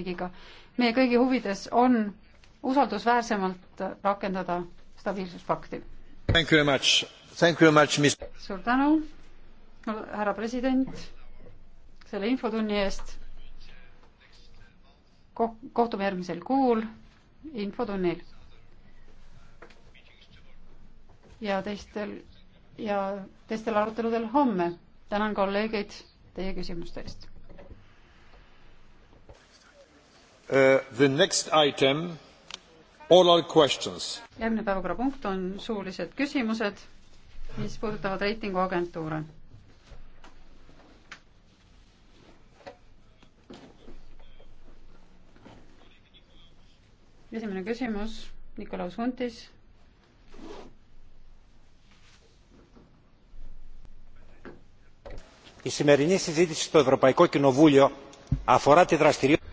liikmesriigiga. meie kõigi huvides on usaldusväärsemalt rakendada stabiilsuspakti. suur tänu, härra president, selle infotunni eest. kohtume järgmisel kuul infotunnil. ja teistel ja teistel aruteludel homme. tänan kolleegid teie küsimuste eest. Uh, the next item, oral questions. järgmine päevakorrapunkt on suulised küsimused, mis puudutavad reitinguagentuure. esimene küsimus Nikolaus Huntis. Η σημερινή συζήτηση στο Ευρωπαϊκό Κοινοβούλιο αφορά τη δραστηριότητα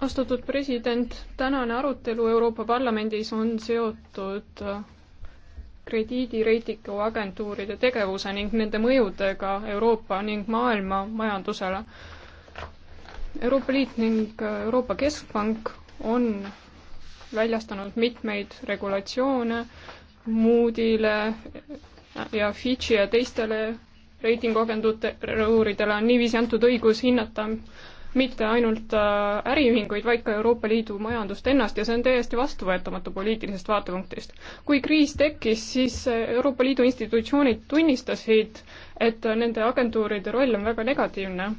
austatud president, tänane arutelu Euroopa Parlamendis on seotud krediidireitingu agentuuride tegevuse ning nende mõjudega Euroopa ning maailma majandusele. Euroopa Liit ning Euroopa Keskpank on väljastanud mitmeid regulatsioone Moodile ja Fidži ja teistele reitinguagentuuridele on niiviisi antud õigus hinnata mitte ainult äh, äriühinguid, vaid ka Euroopa Liidu majandust ennast ja see on täiesti vastuvõetamatu poliitilisest vaatepunktist. kui kriis tekkis, siis Euroopa Liidu institutsioonid tunnistasid, et nende agentuuride roll on väga negatiivne.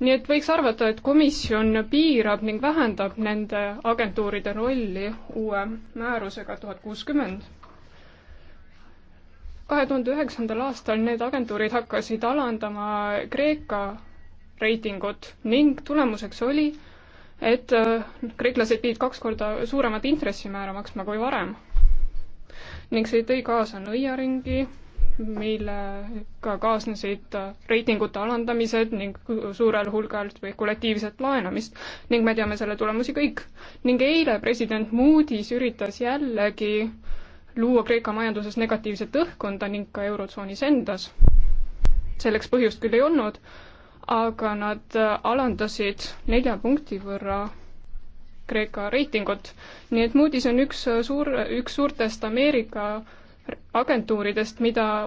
nii et võiks arvata, et komisjon piirab ning vähendab nende agentuuride rolli uue määrusega tuhat kuuskümmend kahe tuhande üheksandal aastal need agentuurid hakkasid alandama Kreeka reitingut ning tulemuseks oli, et äh, kreeklased pidid kaks korda suuremat intressimäära maksma kui varem. ning see tõi kaasa nõiaringi, millega ka kaasnesid äh, reitingute alandamised ning suurel hulgal spekulatiivset laenamist ning me teame selle tulemusi kõik. ning eile president Moody's üritas jällegi luua Kreeka majanduses negatiivset õhkkonda ning ka Eurotsoonis endas. selleks põhjust küll ei olnud aga nad äh, alandasid nelja punkti võrra Kreeka reitingut. nii et Moody's on üks äh, suur, üks suurtest Ameerika agentuuridest, mida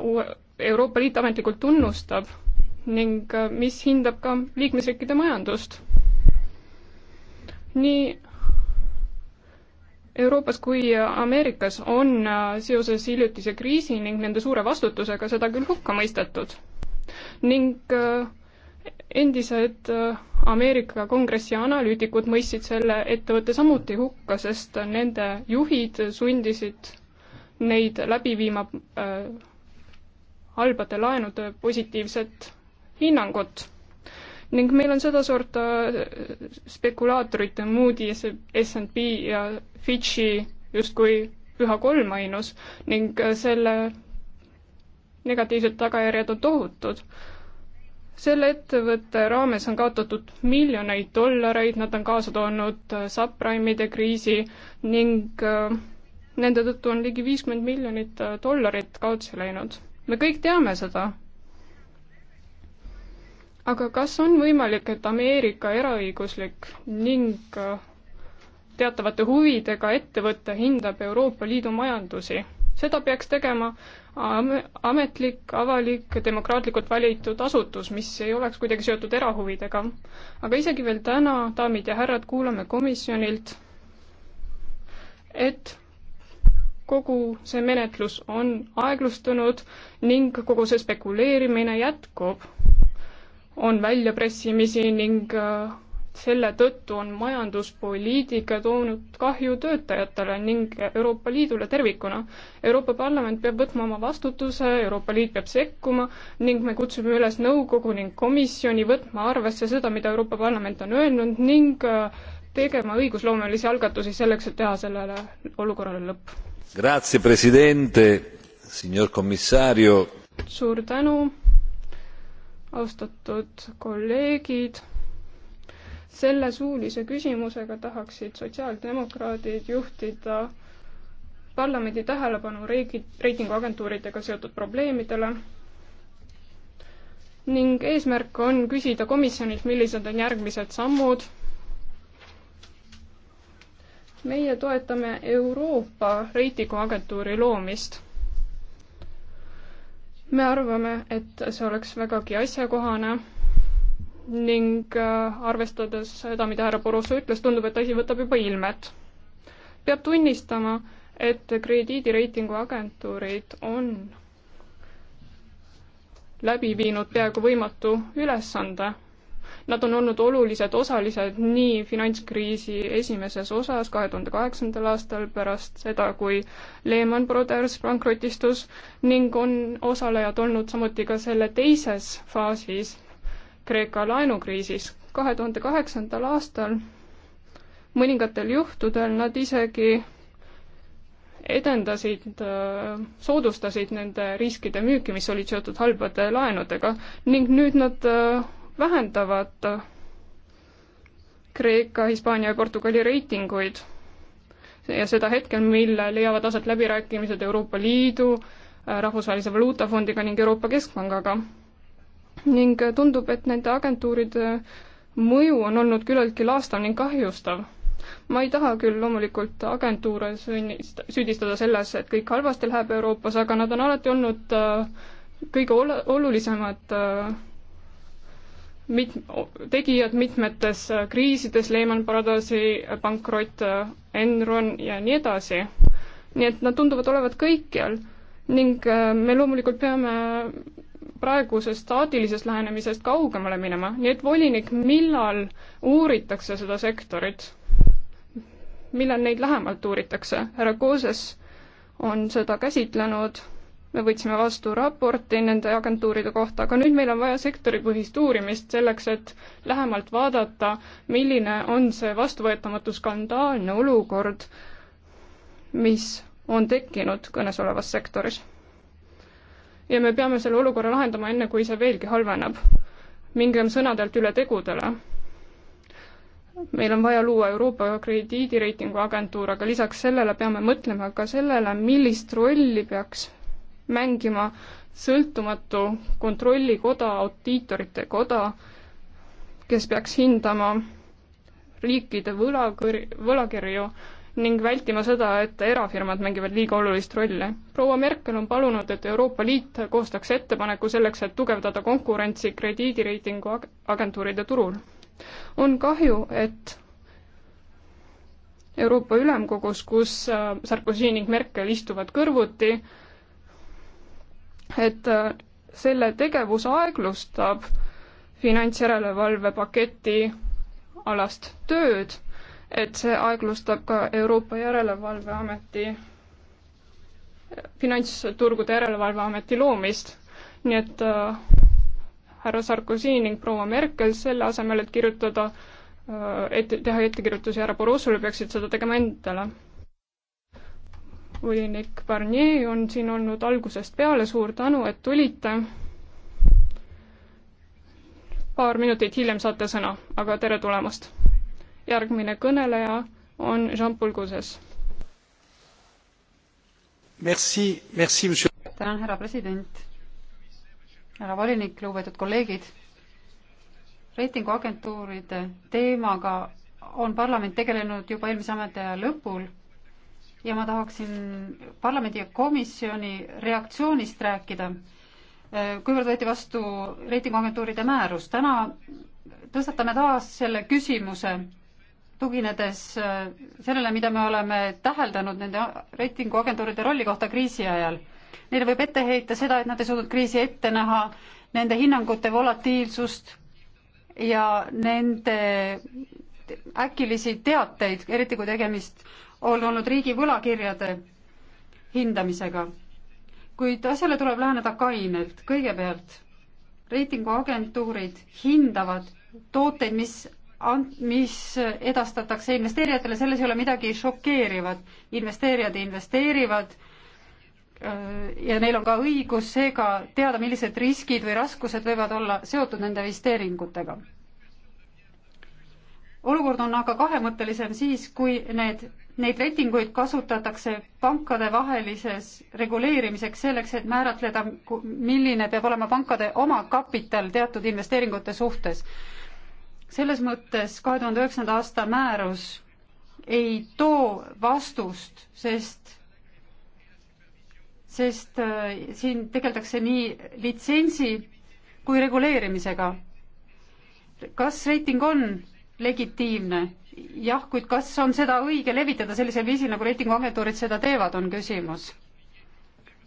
Euroopa Liit ametlikult tunnustab ning äh, mis hindab ka liikmesriikide majandust. nii Euroopas kui Ameerikas on seoses hiljutise kriisi ning nende suure vastutusega seda küll hukka mõistetud ning äh, endised äh, Ameerika Kongressi analüütikud mõistsid selle ettevõtte samuti hukka, sest nende juhid sundisid neid läbi viima äh, halbade laenude positiivset hinnangut. ning meil on sedasorta äh, spekulaatorite Moody, SMP ja Fidži justkui püha kolmainus ning äh, selle negatiivsed tagajärjed on tohutud selle ettevõtte raames on kaotatud miljoneid dollareid, nad on kaasa toonud äh, subprime'ide kriisi ning äh, nende tõttu on ligi viiskümmend miljonit äh, dollarit kaotsi läinud. me kõik teame seda. aga kas on võimalik, et Ameerika eraõiguslik ning teatavate huvidega ettevõte hindab Euroopa Liidu majandusi? seda peaks tegema ametlik, avalik, demokraatlikult valitud asutus, mis ei oleks kuidagi seotud erahuvidega. aga isegi veel täna, daamid ja härrad, kuulame komisjonilt, et kogu see menetlus on aeglustunud ning kogu see spekuleerimine jätkub. on väljapressimisi ning äh, selle tõttu on majanduspoliitika toonud kahju töötajatele ning Euroopa Liidule tervikuna. Euroopa Parlament peab võtma oma vastutuse, Euroopa Liit peab sekkuma ning me kutsume üles nõukogu ning komisjoni võtma arvesse seda, mida Euroopa Parlament on öelnud ning äh, tegema õigusloomelisi algatusi selleks, et teha sellele olukorrale lõpp. Grazie, president, signor commissario. suur tänu, austatud kolleegid selle suulise küsimusega tahaksid sotsiaaldemokraadid juhtida parlamendi tähelepanu riigi, reitinguagentuuridega seotud probleemidele ning eesmärk on küsida komisjonilt, millised on järgmised sammud. meie toetame Euroopa reitinguagentuuri loomist. me arvame, et see oleks vägagi asjakohane ning äh, arvestades seda, mida härra Borosso ütles, tundub, et asi võtab juba ilmet. peab tunnistama, et krediidireitingu agentuurid on läbi viinud peaaegu võimatu ülesande. Nad on olnud olulised osalised nii finantskriisi esimeses osas kahe tuhande kaheksandal aastal pärast seda, kui Lehman Brothers pankrotistus ning on osalejad olnud samuti ka selle teises faasis Kreeka laenukriisis. kahe tuhande kaheksandal aastal mõningatel juhtudel nad isegi edendasid, soodustasid nende riskide müüki, mis olid seotud halbade laenudega ning nüüd nad äh, vähendavad Kreeka, Hispaania ja Portugali reitinguid. ja seda hetkel, mil leiavad aset läbirääkimised Euroopa Liidu, äh, Rahvusvahelise Valuutafondiga ning Euroopa Keskpangaga ning tundub, et nende agentuuride mõju on olnud küllaltki laastav ning kahjustav. ma ei taha küll loomulikult agentuure sünnist-, süüdistada selles, et kõik halvasti läheb Euroopas, aga nad on alati olnud äh, kõige ol-, olulisemad äh, mit-, tegijad mitmetes äh, kriisides, Lehman Brothersi pankrot, Enron ja nii edasi. nii et nad tunduvad olevat kõikjal ning me loomulikult peame praegusest staatilisest lähenemisest kaugemale minema, nii et volinik, millal uuritakse seda sektorit? millal neid lähemalt uuritakse? härra Kooses on seda käsitlenud, me võtsime vastu raporti nende agentuuride kohta, aga nüüd meil on vaja sektoripõhist uurimist selleks, et lähemalt vaadata, milline on see vastuvõetamatu skandaalne olukord, mis on tekkinud kõnesolevas sektoris ja me peame selle olukorra lahendama, enne kui see veelgi halveneb. mingem sõnadelt üle tegudele. meil on vaja luua Euroopa krediidireitingu agentuur, aga lisaks sellele peame mõtlema ka sellele, millist rolli peaks mängima sõltumatu kontrollikoda, audiitorite koda, kes peaks hindama riikide võlakõr-, võlakirju ning vältima seda, et erafirmad mängivad liiga olulist rolli. proua Merkel on palunud, et Euroopa Liit koostaks ettepaneku selleks, et tugevdada konkurentsi krediidireitingu agentuuride turul. on kahju, et Euroopa Ülemkogus, kus äh, Sarkozy ning Merkel istuvad kõrvuti, et äh, selle tegevus aeglustab finantsjärelevalve paketi alast tööd et see aeglustab ka Euroopa Järelevalveameti, finantsturgude järelevalveameti loomist. nii et äh, härra Sarkozy ning proua Merkel selle asemel, et kirjutada äh,, et teha ettekirjutusi härra Borossole, peaksid seda tegema endale. volinik Barnier on siin olnud algusest peale, suur tänu, et tulite paar minutit hiljem saate sõna, aga tere tulemast! järgmine kõneleja on Jean-Paul Gozes. tänan, härra president, härra volinik, lugupeetud kolleegid. reitinguagentuuride teemaga on parlament tegelenud juba eelmise ametiaja lõpul ja ma tahaksin parlamendi ja komisjoni reaktsioonist rääkida. kuivõrd võeti vastu reitinguagentuuride määrus, täna tõstatame taas selle küsimuse tuginedes äh, sellele, mida me oleme täheldanud nende reitinguagentuuride rolli kohta kriisi ajal. Neile võib ette heita seda, et nad ei suutnud kriisi ette näha, nende hinnangute volatiilsust ja nende äkilisi teateid, eriti kui tegemist on olnud riigi võlakirjade hindamisega. kuid asjale tuleb läheneda kainelt, kõigepealt reitinguagentuurid hindavad tooteid, mis mis edastatakse investeerijatele, selles ei ole midagi šokeerivat. investeerijad investeerivad äh, ja neil on ka õigus seega teada, millised riskid või raskused võivad olla seotud nende investeeringutega. olukord on aga kahemõttelisem siis, kui need, neid reitinguid kasutatakse pankadevahelises reguleerimiseks selleks, et määratleda, milline peab olema pankade omakapital teatud investeeringute suhtes selles mõttes kahe tuhande üheksanda aasta määrus ei too vastust, sest, sest äh, siin tegeldakse nii litsentsi kui reguleerimisega. kas reiting on legitiimne? jah, kuid kas on seda õige levitada sellisel viisil, nagu reitinguagentuurid seda teevad, on küsimus.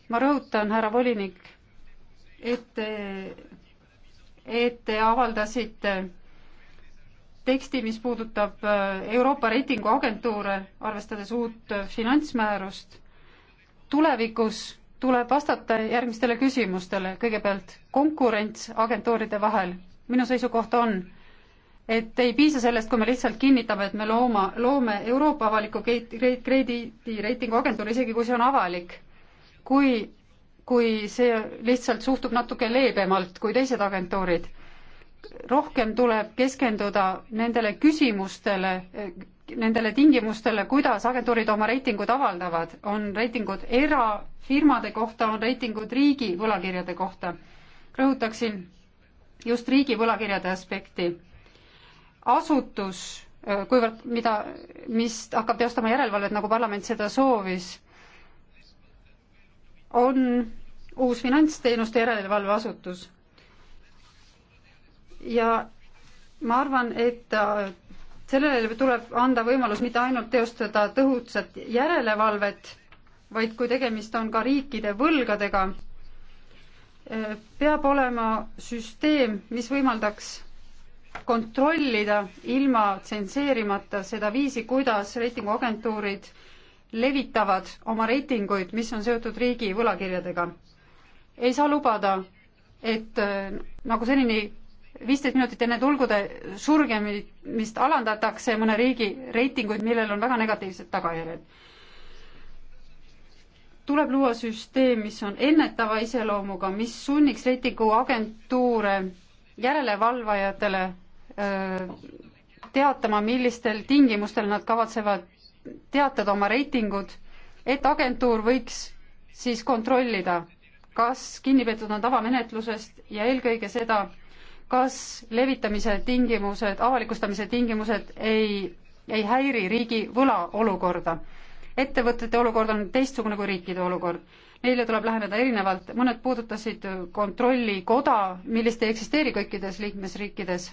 ma rõhutan, härra volinik, et, et te avaldasite teksti, mis puudutab äh, Euroopa reitinguagentuure, arvestades uut äh, finantsmäärust. tulevikus tuleb vastata järgmistele küsimustele, kõigepealt konkurents agentuuride vahel. minu seisukoht on, et ei piisa sellest, kui me lihtsalt kinnitame, et me looma, loome Euroopa avaliku krediidireitingu agentuuri, isegi kui see on avalik. kui, kui see lihtsalt suhtub natuke leebemalt kui teised agentuurid rohkem tuleb keskenduda nendele küsimustele, nendele tingimustele, kuidas agentuurid oma reitingud avaldavad, on reitingud erafirmade kohta, on reitingud riigi võlakirjade kohta. rõhutaksin just riigi võlakirjade aspekti. asutus, kuivõrd, mida, mis hakkab teostama järelevalvet, nagu parlament seda soovis, on uus finantsteenuste järelevalveasutus ja ma arvan, et äh, sellele tuleb anda võimalus mitte ainult teostada tõhusat järelevalvet, vaid kui tegemist on ka riikide võlgadega, äh, peab olema süsteem, mis võimaldaks kontrollida ilma tsenseerimata seda viisi, kuidas reitinguagentuurid levitavad oma reitinguid, mis on seotud riigi võlakirjadega. ei saa lubada, et äh, nagu senini viisteist minutit enne tulgude surgemist alandatakse mõne riigi reitinguid, millel on väga negatiivsed tagajärjed. tuleb luua süsteem, mis on ennetava iseloomuga, mis sunniks reitinguagentuure järelevalvajatele öö, teatama, millistel tingimustel nad kavatsevad teatada oma reitingud, et agentuur võiks siis kontrollida, kas kinnipeetud on tavamenetlusest ja eelkõige seda, kas levitamise tingimused, avalikustamise tingimused ei, ei häiri riigi võlaolukorda. ettevõtete olukord on teistsugune kui riikide olukord. Neile tuleb läheneda erinevalt, mõned puudutasid kontrollikoda, millist ei eksisteeri kõikides liikmesriikides.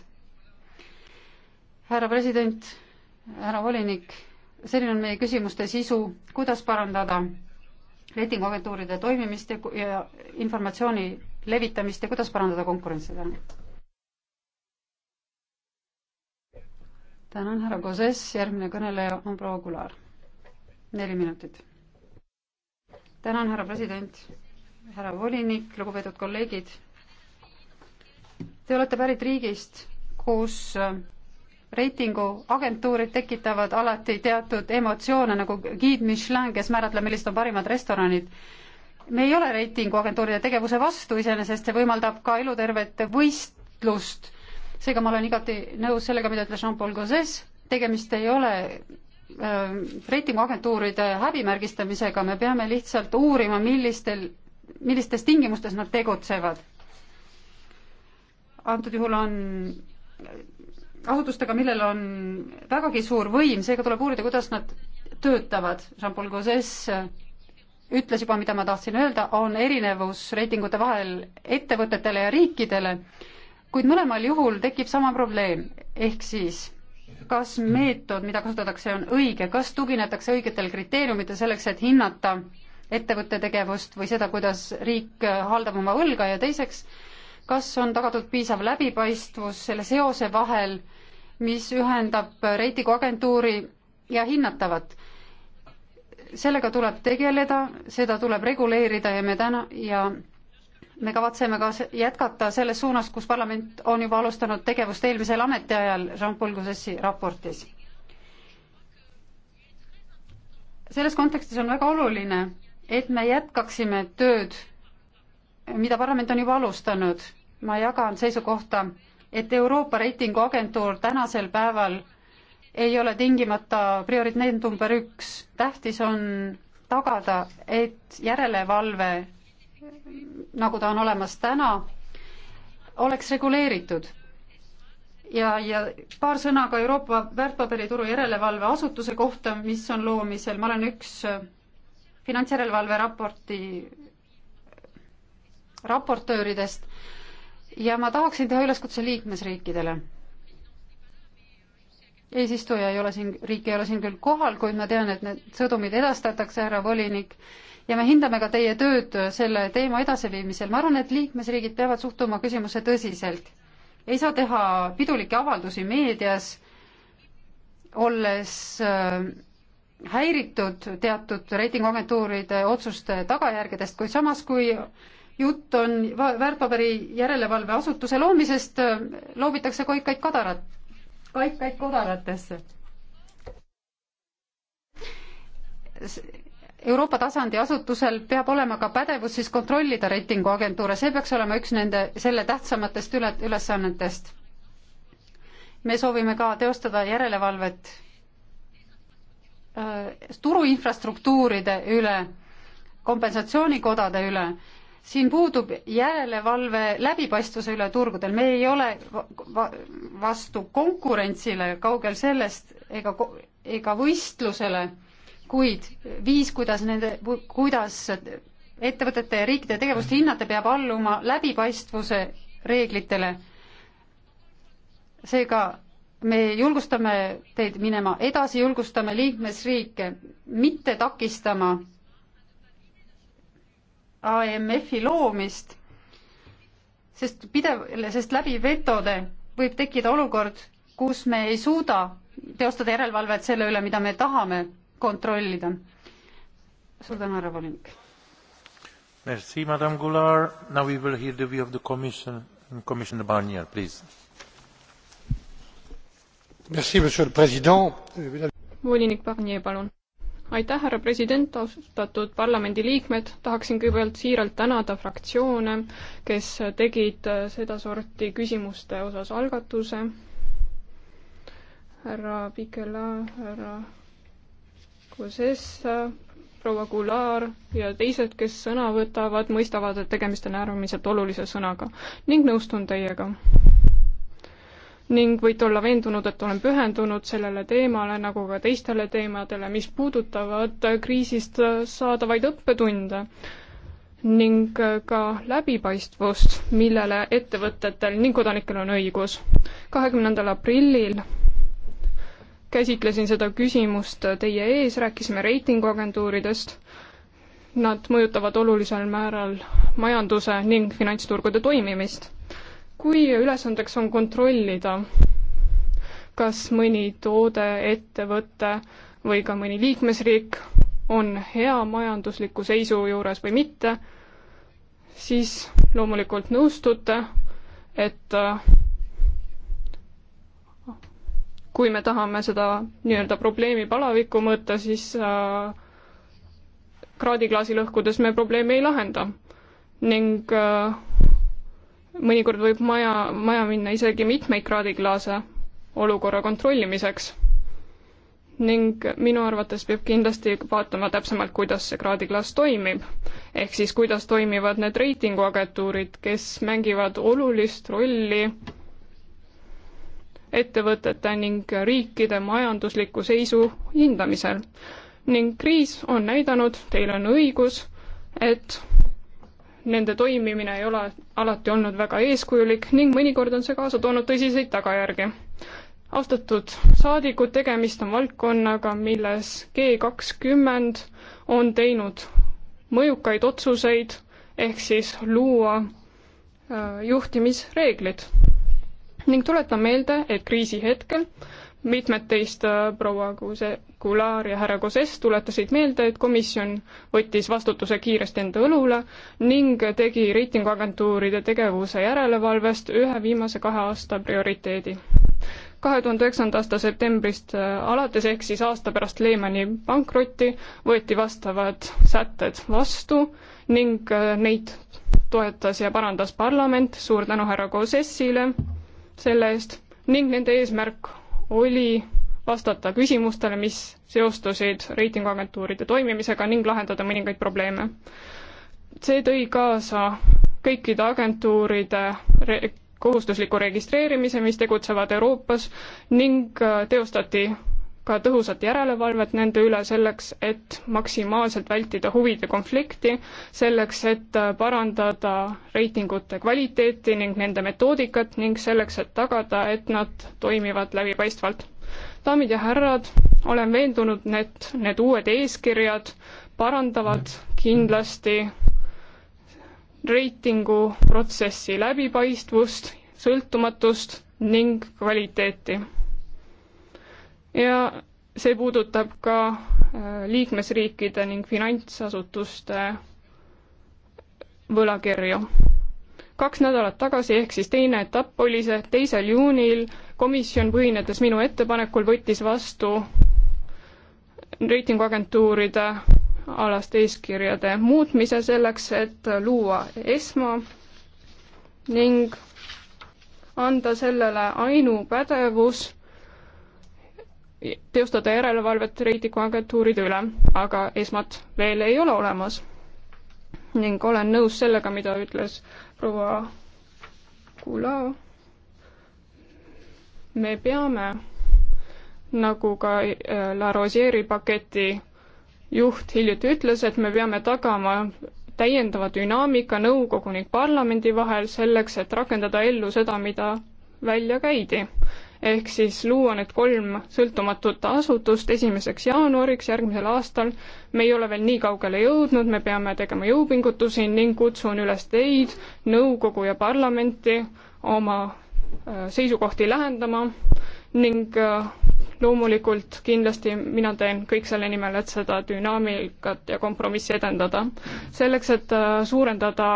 härra president, härra volinik, selline on meie küsimuste sisu, kuidas parandada reitinguagentuuride toimimist ja informatsiooni levitamist ja kuidas parandada konkurentsi tänu? tänan, härra Koses, järgmine kõneleja on proua Kular. neli minutit. tänan, härra president, härra volinik, lugupeetud kolleegid. Te olete pärit riigist, kus reitinguagentuurid tekitavad alati teatud emotsioone nagu giid Michelin, kes määratleb, millised on parimad restoranid. me ei ole reitinguagentuuride tegevuse vastu, iseenesest see võimaldab ka elutervet võistlust seega ma olen igati nõus sellega, mida ütles Jean-Paul Gauzes, tegemist ei ole äh, reitinguagentuuride häbimärgistamisega, me peame lihtsalt uurima, millistel, millistes tingimustes nad tegutsevad. antud juhul on asutustega, millel on vägagi suur võim, seega tuleb uurida, kuidas nad töötavad. Jean-Paul Gauzes ütles juba, mida ma tahtsin öelda, on erinevus reitingute vahel ettevõtetele ja riikidele kuid mõlemal juhul tekib sama probleem, ehk siis kas meetod, mida kasutatakse, on õige, kas tuginetakse õigetel kriteeriumitel selleks, et hinnata ettevõtte tegevust või seda, kuidas riik haldab oma võlga ja teiseks, kas on tagatud piisav läbipaistvus selle seose vahel, mis ühendab reitinguagentuuri ja hinnatavat. sellega tuleb tegeleda, seda tuleb reguleerida ja me täna ja me kavatseme ka jätkata selles suunas, kus parlament on juba alustanud tegevust eelmisel ametiajal Jean-Paul Gauzessi raportis. selles kontekstis on väga oluline, et me jätkaksime tööd, mida parlament on juba alustanud. ma jagan seisukohta, et Euroopa reitinguagentuur tänasel päeval ei ole tingimata prioriteet number üks. tähtis on tagada, et järelevalve nagu ta on olemas täna, oleks reguleeritud. ja, ja paar sõna ka Euroopa väärtpaberituru järelevalve asutuse kohta, mis on loomisel, ma olen üks äh, finantsjärelevalve raporti, äh, raportööridest ja ma tahaksin teha üleskutse liikmesriikidele. eesistuja ei ole siin, riik ei ole siin küll kohal, kuid ma tean, et need sõdumid edastatakse, härra volinik ja me hindame ka teie tööd selle teema edasiviimisel. ma arvan, et liikmesriigid peavad suhtuma küsimusse tõsiselt. ei saa teha pidulikke avaldusi meedias, olles äh, häiritud teatud reitinguagentuuride otsuste tagajärgedest, kuid samas, kui jutt on väärtpaberi järelevalveasutuse loomisest, äh, loobitakse koikaid kadarat, kaikaid kodaratesse Euroopa tasandi asutusel peab olema ka pädevus siis kontrollida reitinguagentuure, see peaks olema üks nende, selle tähtsamatest üle, ülesannetest. me soovime ka teostada järelevalvet äh, turuinfrastruktuuride üle, kompensatsioonikodade üle, siin puudub järelevalve läbipaistvuse üle turgudel, me ei ole va vastu konkurentsile, kaugel sellest, ega, ega võistlusele äh, kuid viis, kuidas nende, kuidas ettevõtete ja riikide tegevust hinnata, peab alluma läbipaistvuse reeglitele. seega me julgustame teid minema edasi, julgustame liikmesriike mitte takistama AMF-i loomist, sest pidev, sest läbi vetode võib tekkida olukord, kus me ei suuda teostada järelevalvet selle üle, mida me tahame kontrollida. suur tänu, härra volinik. Merci, madam Goulart. Now we will hear the view of the commission. Commissioner Barnier, please. Merci, monsieur le président. volinik Barnier, palun aitäh, härra president, austatud parlamendiliikmed, tahaksin kõigepealt siiralt tänada fraktsioone, kes tegid sedasorti küsimuste osas algatuse. härra Pikela, härra Kosessa, proua Goulart ja teised, kes sõna võtavad, mõistavad, et tegemist on äärmiselt olulise sõnaga ning nõustun teiega. ning võite olla veendunud, et olen pühendunud sellele teemale nagu ka teistele teemadele, mis puudutavad kriisist saadavaid õppetunde ning ka läbipaistvust, millele ettevõtetel ning kodanikel on õigus. kahekümnendal aprillil käsitlesin seda küsimust teie ees, rääkisime reitinguagentuuridest. Nad mõjutavad olulisel määral majanduse ning finantsturgude toimimist. kui ülesandeks on kontrollida, kas mõni toode, ettevõte või ka mõni liikmesriik on hea majandusliku seisu juures või mitte, siis loomulikult nõustute, et kui me tahame seda nii-öelda probleemi palavikku mõõta, siis äh, kraadiklaasi lõhkudes me probleemi ei lahenda. ning äh, mõnikord võib maja, maja minna isegi mitmeid kraadiklaase olukorra kontrollimiseks. ning minu arvates peab kindlasti vaatama täpsemalt, kuidas see kraadiklaas toimib. ehk siis, kuidas toimivad need reitinguagentuurid, kes mängivad olulist rolli ettevõtete ning riikide majandusliku seisu hindamisel. ning kriis on näidanud, teil on õigus, et nende toimimine ei ole alati olnud väga eeskujulik ning mõnikord on see kaasa toonud tõsiseid tagajärgi. austatud saadikud, tegemist on valdkonnaga, milles G kakskümmend on teinud mõjukaid otsuseid ehk siis luua äh, juhtimisreeglid ning tuletan meelde, et kriisi hetkel mitmed teist, äh, proua Kuse-, Kular ja härra Koses, tuletasid meelde, et komisjon võttis vastutuse kiiresti enda õlule ning tegi reitinguagentuuride tegevuse järelevalvest ühe viimase kahe aasta prioriteedi. kahe tuhande üheksanda aasta septembrist äh, alates, ehk siis aasta pärast Lehmani pankrotti, võeti vastavad sätted vastu ning äh, neid toetas ja parandas parlament, suur tänu härra Kosessile selle eest ning nende eesmärk oli vastata küsimustele, mis seostusid reitinguagentuuride toimimisega ning lahendada mõningaid probleeme. see tõi kaasa kõikide agentuuride re kohustusliku registreerimise, mis tegutsevad Euroopas ning äh, teostati ka tõhusat järelevalvet nende üle, selleks et maksimaalselt vältida huvide konflikti, selleks et äh, parandada reitingute kvaliteeti ning nende metoodikat ning selleks, et tagada, et nad toimivad läbipaistvalt. daamid ja härrad, olen veendunud, et need uued eeskirjad parandavad kindlasti reitinguprotsessi läbipaistvust, sõltumatust ning kvaliteeti ja see puudutab ka äh, liikmesriikide ning finantsasutuste äh, võlakirju. kaks nädalat tagasi, ehk siis teine etapp oli see, teisel juunil komisjon, põhinedes minu ettepanekul, võttis vastu reitinguagentuuride alaste eeskirjade muutmise selleks, et luua ESMA ning anda sellele ainupädevus teostada järelevalvet reitinguagentuuride üle, aga esmat veel ei ole olemas. ning olen nõus sellega, mida ütles proua Kulao. me peame, nagu ka äh, La Rosieri paketi juht hiljuti ütles, et me peame tagama täiendava dünaamika nõukogu ning parlamendi vahel selleks, et rakendada ellu seda, mida välja käidi ehk siis luua need kolm sõltumatut asutust esimeseks jaanuariks järgmisel aastal. me ei ole veel nii kaugele jõudnud, me peame tegema jõupingutusi ning kutsun üles teid, nõukogu ja parlamenti oma äh, seisukohti lähendama ning äh, loomulikult kindlasti mina teen kõik selle nimel, et seda dünaamikat ja kompromissi edendada. selleks, et äh, suurendada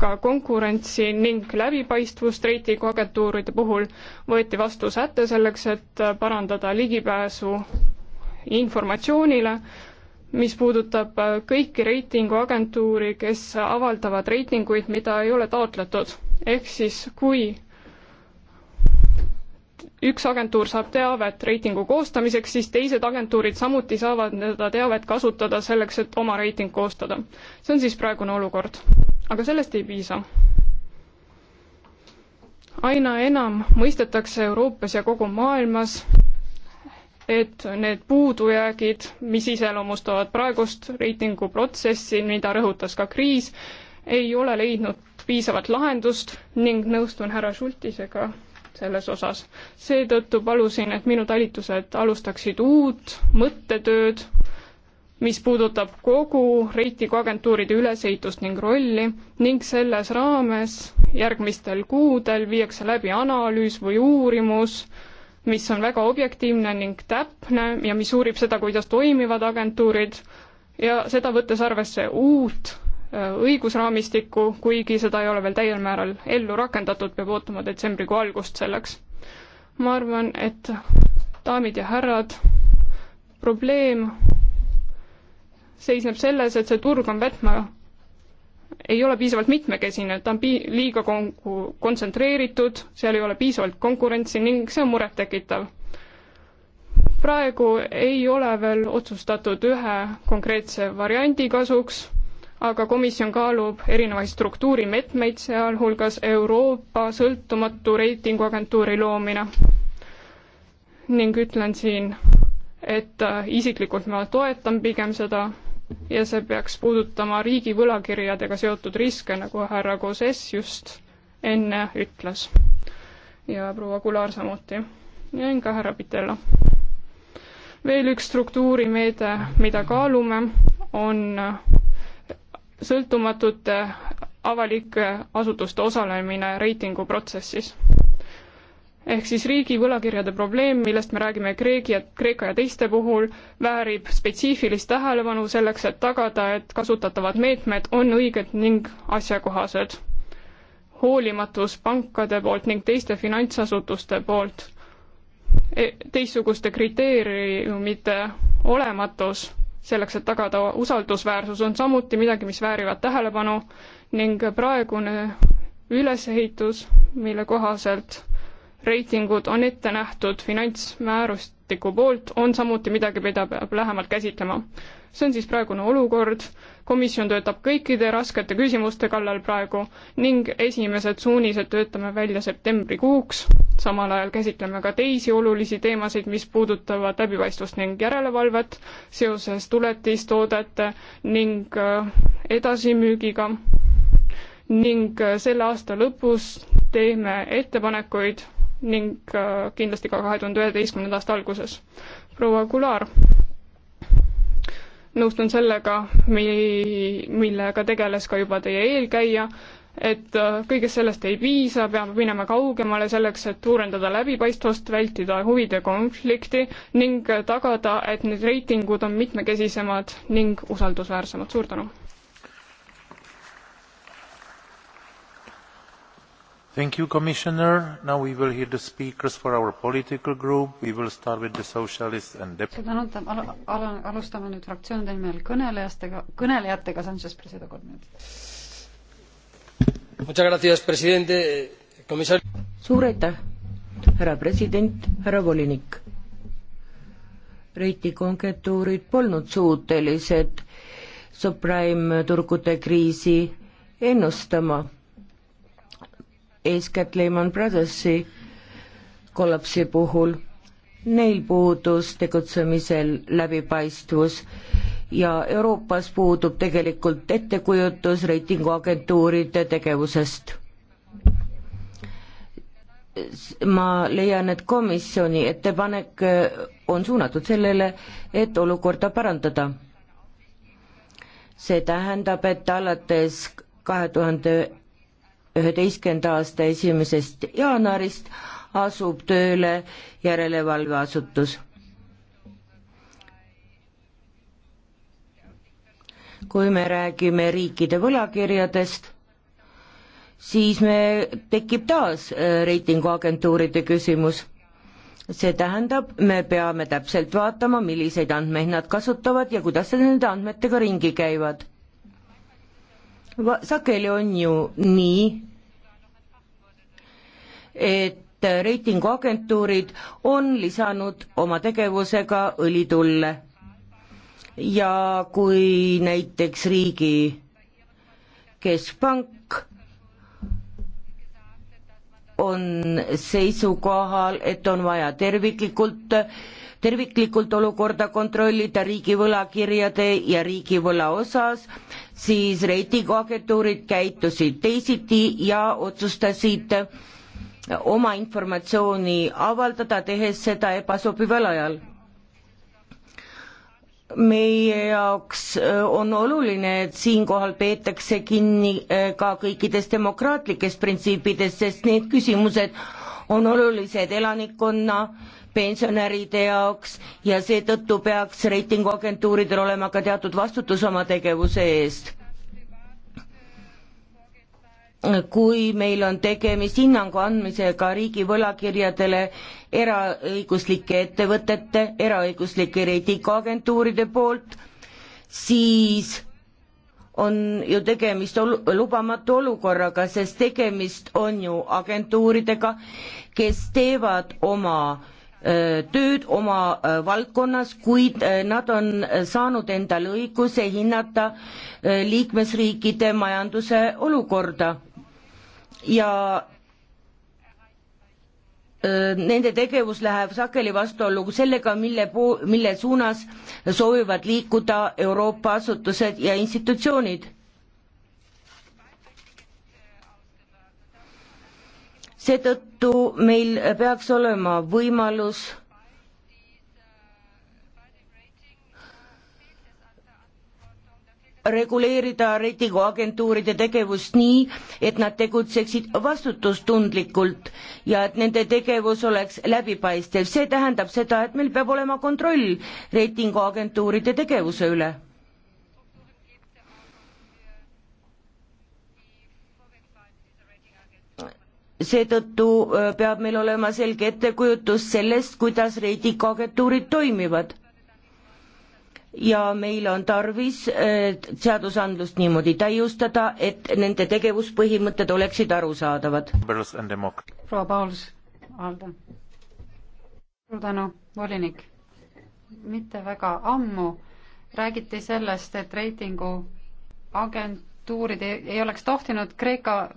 ka konkurentsi ning läbipaistvust reitinguagentuuride puhul, võeti vastu säte selleks, et äh, parandada ligipääsu informatsioonile, mis puudutab äh, kõiki reitinguagentuuri, kes avaldavad reitinguid, mida ei ole taotletud. ehk siis, kui üks agentuur saab teavet reitingu koostamiseks, siis teised agentuurid samuti saavad seda teavet kasutada selleks, et oma reiting koostada. see on siis praegune olukord. aga sellest ei piisa. aina enam mõistetakse Euroopas ja kogu maailmas, et need puudujäägid, mis iseloomustavad praegust reitinguprotsessi, mida rõhutas ka kriis, ei ole leidnud piisavat lahendust ning nõustun härra Schultisega selles osas. seetõttu palusin, et minu talitused alustaksid uut mõttetööd, mis puudutab kogu reitinguagentuuride ülesehitust ning rolli ning selles raames järgmistel kuudel viiakse läbi analüüs või uurimus, mis on väga objektiivne ning täpne ja mis uurib seda, kuidas toimivad agentuurid ja seda võttes arvesse uut õigusraamistikku, kuigi seda ei ole veel täiel määral ellu rakendatud, peab ootama detsembrikuu algust selleks. ma arvan, et daamid ja härrad, probleem seisneb selles, et see turg on Vetma ei ole piisavalt mitmekesine, ta on pi-, liiga kon-, kontsentreeritud, seal ei ole piisavalt konkurentsi ning see on murettekitav. praegu ei ole veel otsustatud ühe konkreetse variandi kasuks aga komisjon kaalub erinevaid struktuurimeetmeid, sealhulgas Euroopa sõltumatu reitinguagentuuri loomine. ning ütlen siin, et äh, isiklikult ma toetan pigem seda ja see peaks puudutama riigi võlakirjadega seotud riske, nagu härra Koses just enne ütles. ja proua Kular samuti ning ka härra Pitella. veel üks struktuurimeede, mida kaalume, on sõltumatute avalike asutuste osalemine reitinguprotsessis. ehk siis riigi võlakirjade probleem, millest me räägime Kreegi ja Kreeka ja teiste puhul, väärib spetsiifilist tähelepanu selleks, et tagada, et kasutatavad meetmed on õiged ning asjakohased. hoolimatus pankade poolt ning teiste finantsasutuste poolt, e, teistsuguste kriteeriumite olematus selleks, et tagada usaldusväärsus, on samuti midagi, mis väärivad tähelepanu ning praegune ülesehitus, mille kohaselt reitingud on ette nähtud finantsmäärust raamistiku poolt, on samuti midagi, mida peab lähemalt käsitlema. see on siis praegune olukord, komisjon töötab kõikide raskete küsimuste kallal praegu ning esimesed suunised töötame välja septembrikuuks, samal ajal käsitleme ka teisi olulisi teemasid, mis puudutavad läbipaistvust ning järelevalvet seoses tuletistoodete ning äh, edasimüügiga ning äh, selle aasta lõpus teeme ettepanekuid ning äh, kindlasti ka kahe tuhande üheteistkümnenda aasta alguses. proua Kular, nõustun sellega, mi-, millega tegeles ka juba teie eelkäija, et äh, kõigest sellest ei piisa, peame minema kaugemale selleks, et suurendada läbipaistvust, vältida huvide konflikti ning tagada, et need reitingud on mitmekesisemad ning usaldusväärsemad. suur tänu! Thank you, Commissioner. Now we will hear the speakers for our political group. We will start with the Socialists and Dep-. suur tänu, al-, al-, alustame nüüd fraktsioonide nimel kõnelejastega, kõnelejatega, Sanchez Presedo kolm minutit. suur aitäh, härra president, härra volinik. Briti konjunktuurid polnud suutelised subprime turgude kriisi ennustama eeskätt Lehman Brothersi kollapsi puhul. Neil puudus tegutsemisel läbipaistvus ja Euroopas puudub tegelikult ettekujutus reitinguagentuuride tegevusest. ma leian, et komisjoni ettepanek on suunatud sellele, et olukorda parandada. see tähendab, et alates kahe tuhande üheteistkümnenda aasta esimesest jaanuarist asub tööle järelevalveasutus. kui me räägime riikide võlakirjadest, siis me, tekib taas äh, reitinguagentuuride küsimus see tähendab, me peame täpselt vaatama, milliseid andmeid nad kasutavad ja kuidas nende andmetega ringi käivad sageli on ju nii, et reitinguagentuurid on lisanud oma tegevusega õlitulle. ja kui näiteks riigi keskpank on seisukohal, et on vaja terviklikult terviklikult olukorda kontrollida riigi võlakirjade ja riigivõla osas, siis reitinguagentuurid käitusid teisiti ja otsustasid oma informatsiooni avaldada, tehes seda ebasobival ajal. meie jaoks äh, on oluline, et siinkohal peetakse kinni äh, ka kõikidest demokraatlikest printsiipidest, sest need küsimused on olulised elanikkonna pensionäride jaoks ja seetõttu peaks reitinguagentuuridel olema ka teatud vastutus oma tegevuse eest. kui meil on tegemist hinnangu andmisega riigi võlakirjadele eraõiguslike ettevõtete, eraõiguslike reitinguagentuuride poolt, siis on ju tegemist olu-, lubamatu olukorraga, sest tegemist on ju agentuuridega, kes teevad oma tööd oma äh, valdkonnas, kuid äh, nad on äh, saanud endale õiguse hinnata liikmesriikide majanduse olukorda ja nende tegevus läheb sageli vastuollu sellega, mille po-, mille suunas soovivad liikuda Euroopa asutused ja institutsioonid. seetõttu meil peaks olema võimalus reguleerida reitinguagentuuride tegevust nii, et nad tegutseksid vastutustundlikult ja et nende tegevus oleks läbipaistev. see tähendab seda, et meil peab olema kontroll reitinguagentuuride tegevuse üle seetõttu peab meil olema selge ettekujutus sellest, kuidas reitinguagentuurid toimivad. ja meil on tarvis seadusandlust niimoodi täiustada, et nende tegevuspõhimõtted oleksid arusaadavad. proua Pauls, Aldo. suur tänu, volinik. mitte väga ammu räägiti sellest, et reitinguagentuurid ei, ei oleks tohtinud Kreeka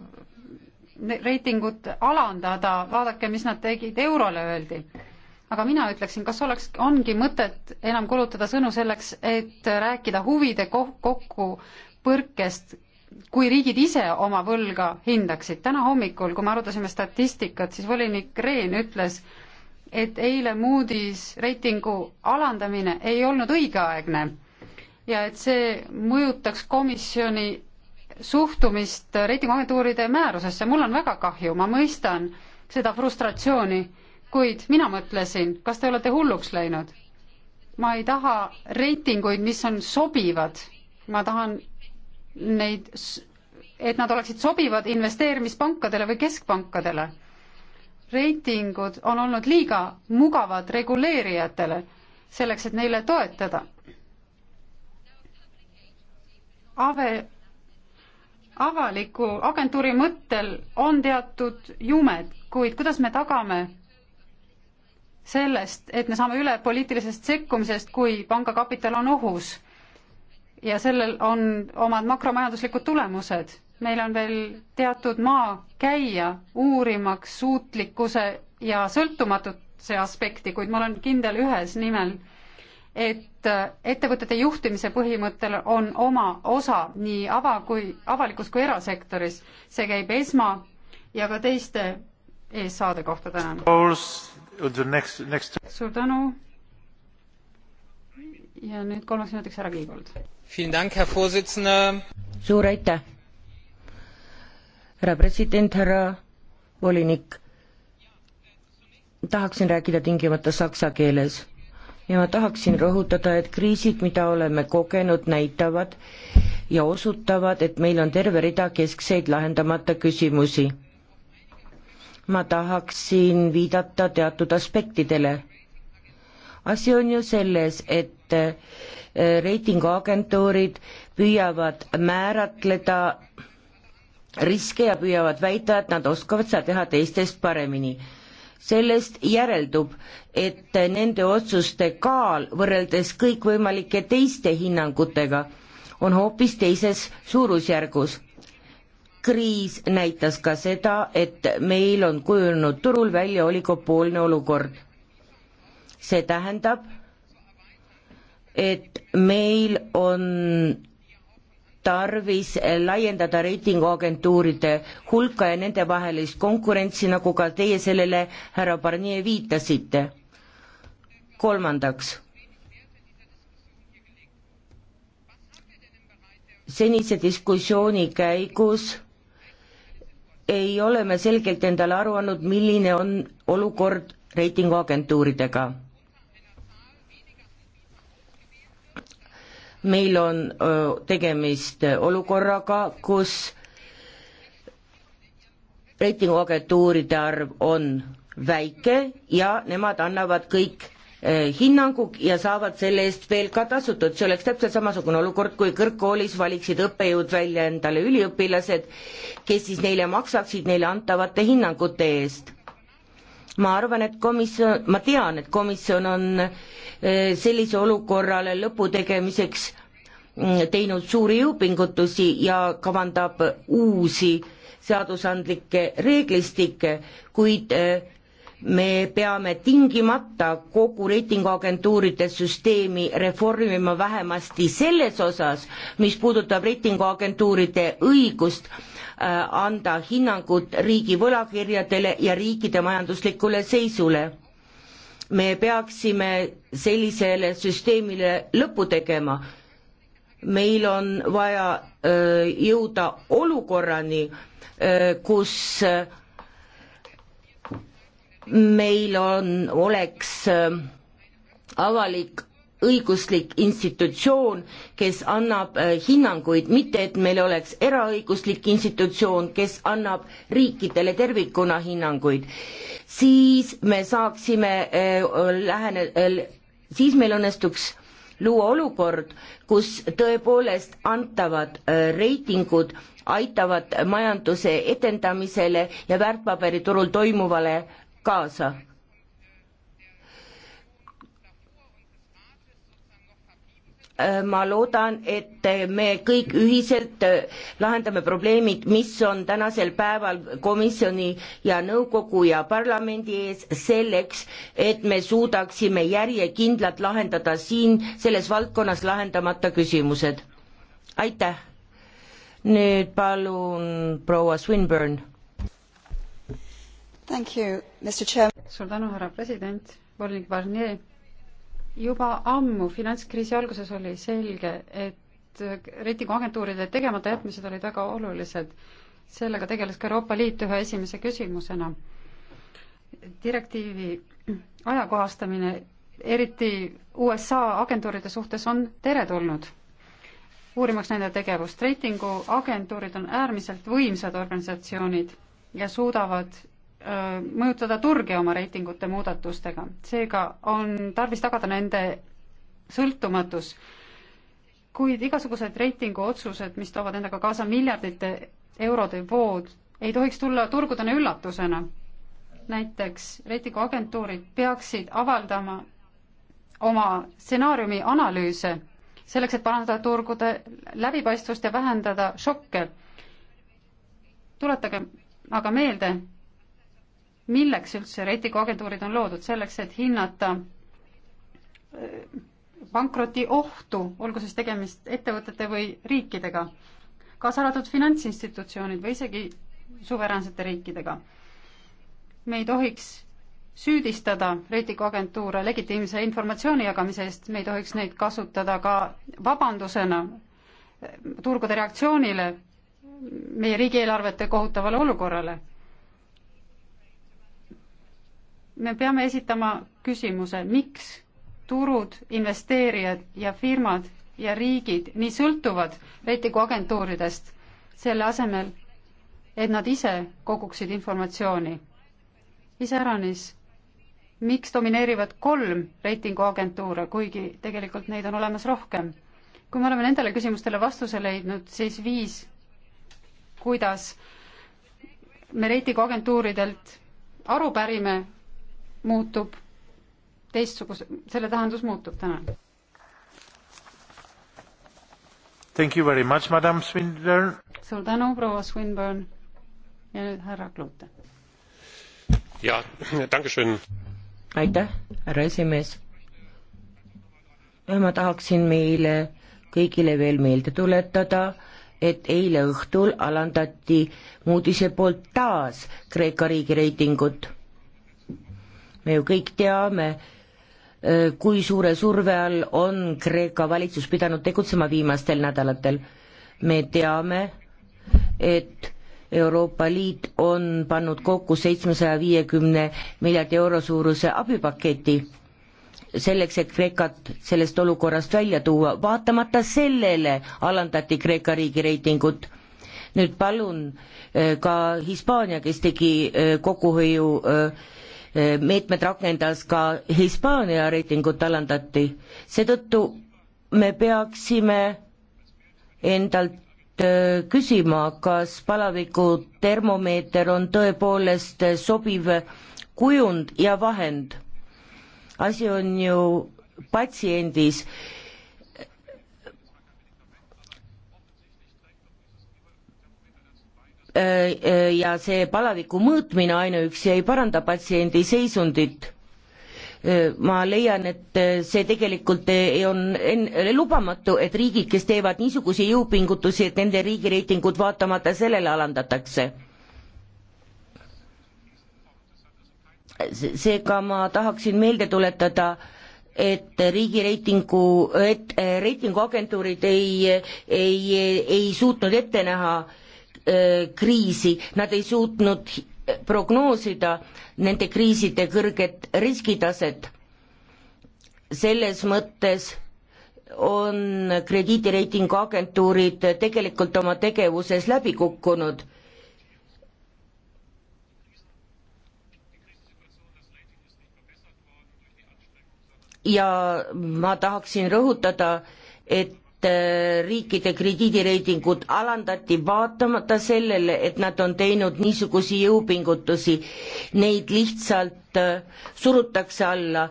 reitingut alandada, vaadake, mis nad tegid, eurole öeldi. aga mina ütleksin, kas oleks, ongi mõtet enam kulutada sõnu selleks, et rääkida huvide kokkupõrkest, kui riigid ise oma võlga hindaksid. täna hommikul, kui me arutasime statistikat, siis volinik Rehn ütles, et eile Moody's reitingu alandamine ei olnud õigeaegne ja et see mõjutaks komisjoni suhtumist reitinguagentuuride määrusesse, mul on väga kahju, ma mõistan seda frustratsiooni, kuid mina mõtlesin, kas te olete hulluks läinud? ma ei taha reitinguid, mis on sobivad, ma tahan neid, et nad oleksid sobivad investeerimispankadele või keskpankadele. reitingud on olnud liiga mugavad reguleerijatele, selleks et neile toetada. Ave avaliku agentuuri mõttel on teatud jumed, kuid kuidas me tagame sellest, et me saame üle poliitilisest sekkumisest, kui pangakapital on ohus ja sellel on omad makromajanduslikud tulemused. meil on veel teatud maa käia, uurimaks suutlikkuse ja sõltumatuse aspekti, kuid ma olen kindel ühes nimel et äh, ettevõtete juhtimise põhimõttel on oma osa nii ava- kui, avalikus kui erasektoris. see käib ESMA ja ka teiste eessaade kohta, tänan. suur tänu. ja nüüd kolmeks minutiks härra Kiigold. suur aitäh. härra president, härra volinik, tahaksin rääkida tingimata saksa keeles ja ma tahaksin rõhutada, et kriisid, mida oleme kogenud, näitavad ja osutavad, et meil on terve rida keskseid lahendamata küsimusi. ma tahaksin viidata teatud aspektidele. asi on ju selles, et äh, reitinguagentuurid püüavad määratleda riske ja püüavad väita, et nad oskavad seda teha teistest paremini sellest järeldub, et nende otsuste kaal võrreldes kõikvõimalike teiste hinnangutega on hoopis teises suurusjärgus. kriis näitas ka seda, et meil on kujunenud turul välja oligopoolne olukord. see tähendab, et meil on tarvis laiendada reitinguagentuuride hulka ja nendevahelist konkurentsi, nagu ka teie sellele, härra Barnier, viitasite. kolmandaks senise diskussiooni käigus ei ole me selgelt endale aru andnud, milline on olukord reitinguagentuuridega. meil on tegemist olukorraga, kus reitinguagentuuride arv on väike ja nemad annavad kõik hinnangu ja saavad selle eest veel ka tasutud, see oleks täpselt samasugune olukord, kui kõrgkoolis valiksid õppejõud välja endale üliõpilased, kes siis neile maksaksid neile antavate hinnangute eest. ma arvan, et komisjon, ma tean, et komisjon on äh, Eh, sellise olukorrale lõpu tegemiseks mm, teinud suuri jõupingutusi ja kavandab uusi seadusandlikke reeglistikke, kuid eh, me peame tingimata kogu reitinguagentuuride süsteemi reformima vähemasti selles osas, mis puudutab reitinguagentuuride õigust eh, anda hinnangut riigi võlakirjadele ja riikide majanduslikule seisule me peaksime sellisele süsteemile lõpu tegema. meil on vaja öö, äh, jõuda olukorrani, äh, kus öö, äh, meil on, oleks öö, avalik õiguslik institutsioon, kes annab äh, hinnanguid, mitte et meil oleks eraõiguslik institutsioon, kes annab riikidele tervikuna hinnanguid, siis me saaksime äh, lähene-, äh, siis meil õnnestuks luua olukord, kus tõepoolest antavad reitingud aitavad majanduse edendamisele ja väärtpaberiturul toimuvale kaasa Äh, ma loodan, et äh, me kõik ühiselt äh, lahendame probleemid, mis on tänasel päeval komisjoni ja nõukogu ja parlamendi ees selleks, et me suudaksime järjekindlalt lahendada siin selles valdkonnas lahendamata küsimused. aitäh. nüüd palun proua Swinburne. suur tänu, härra president, volinik Barnier juba ammu finantskriisi alguses oli selge, et reitinguagentuuride tegemata jätmised olid väga olulised. sellega tegeles ka Euroopa Liit ühe esimese küsimusena. direktiivi ajakohastamine, eriti USA agentuuride suhtes, on teretulnud. uurimaks nende tegevust, reitinguagentuurid on äärmiselt võimsad organisatsioonid ja suudavad Äh, mõjutada turge oma reitingute muudatustega. seega on tarvis tagada nende sõltumatus, kuid igasugused reitinguotsused, mis toovad endaga kaasa miljardite eurode vood, ei tohiks tulla turgudele üllatusena. näiteks reitinguagentuurid peaksid avaldama oma stsenaariumi analüüse selleks, et parandada turgude läbipaistvust ja vähendada šokke. tuletagem aga meelde, milleks üldse reitinguagentuurid on loodud, selleks, et hinnata äh, pankroti ohtu, olgu siis tegemist ettevõtete või riikidega, kaasa arvatud finantsinstitutsioonid või isegi suveräänsete riikidega. me ei tohiks süüdistada reitinguagentuure legitiimse informatsiooni jagamise eest, me ei tohiks neid kasutada ka vabandusena äh, turgude reaktsioonile meie riigieelarvete kohutavale olukorrale me peame esitama küsimuse, miks turud, investeerijad ja firmad ja riigid nii sõltuvad reitinguagentuuridest, selle asemel, et nad ise koguksid informatsiooni. iseäranis, miks domineerivad kolm reitinguagentuure, kuigi tegelikult neid on olemas rohkem? kui me oleme nendele küsimustele vastuse leidnud, siis viis, kuidas me reitinguagentuuridelt aru pärime, muutub teistsuguse, selle tähendus muutub, tänan. Thank you very much, madam Swinburne. suur tänu, proua Swinburne. ja nüüd härra Klute. jah, tänkusin. aitäh, härra esimees. ma tahaksin meile kõigile veel meelde tuletada, et eile õhtul alandati Moody'se poolt taas Kreeka riigi reitingut me ju kõik teame, eh, kui suure surve all on Kreeka valitsus pidanud tegutsema viimastel nädalatel. me teame, et Euroopa Liit on pannud kokku seitsmesaja viiekümne miljardi euro suuruse abipaketi selleks, et Kreekat sellest olukorrast välja tuua, vaatamata sellele alandati Kreeka riigi reitingut. nüüd palun eh, ka Hispaania, kes tegi eh, kokkuhoiu meetmed rakendas ka Hispaania reitingut alandati, seetõttu me peaksime endalt äh, küsima, kas palaviku termomeeter on tõepoolest sobiv kujund ja vahend. asi on ju patsiendis Äh, äh, ja see palaviku mõõtmine ainuüksi ei paranda patsiendi seisundit. Äh, ma leian, et see tegelikult on lubamatu, et riigid, kes teevad niisuguseid jõupingutusi, et nende riigireitingut vaatamata sellele alandatakse seega ma tahaksin meelde tuletada, et riigireitingu, et reitinguagentuurid ei, ei, ei suutnud ette näha äh, Äh, kriisi, nad ei suutnud prognoosida nende kriiside kõrget riskitaset. selles mõttes on krediidireitingu agentuurid tegelikult oma tegevuses läbi kukkunud. ja ma tahaksin rõhutada, et nende riikide krediidireitingut alandati, vaatamata sellele, et nad on teinud niisugusi jõupingutusi. Neid lihtsalt äh, surutakse alla,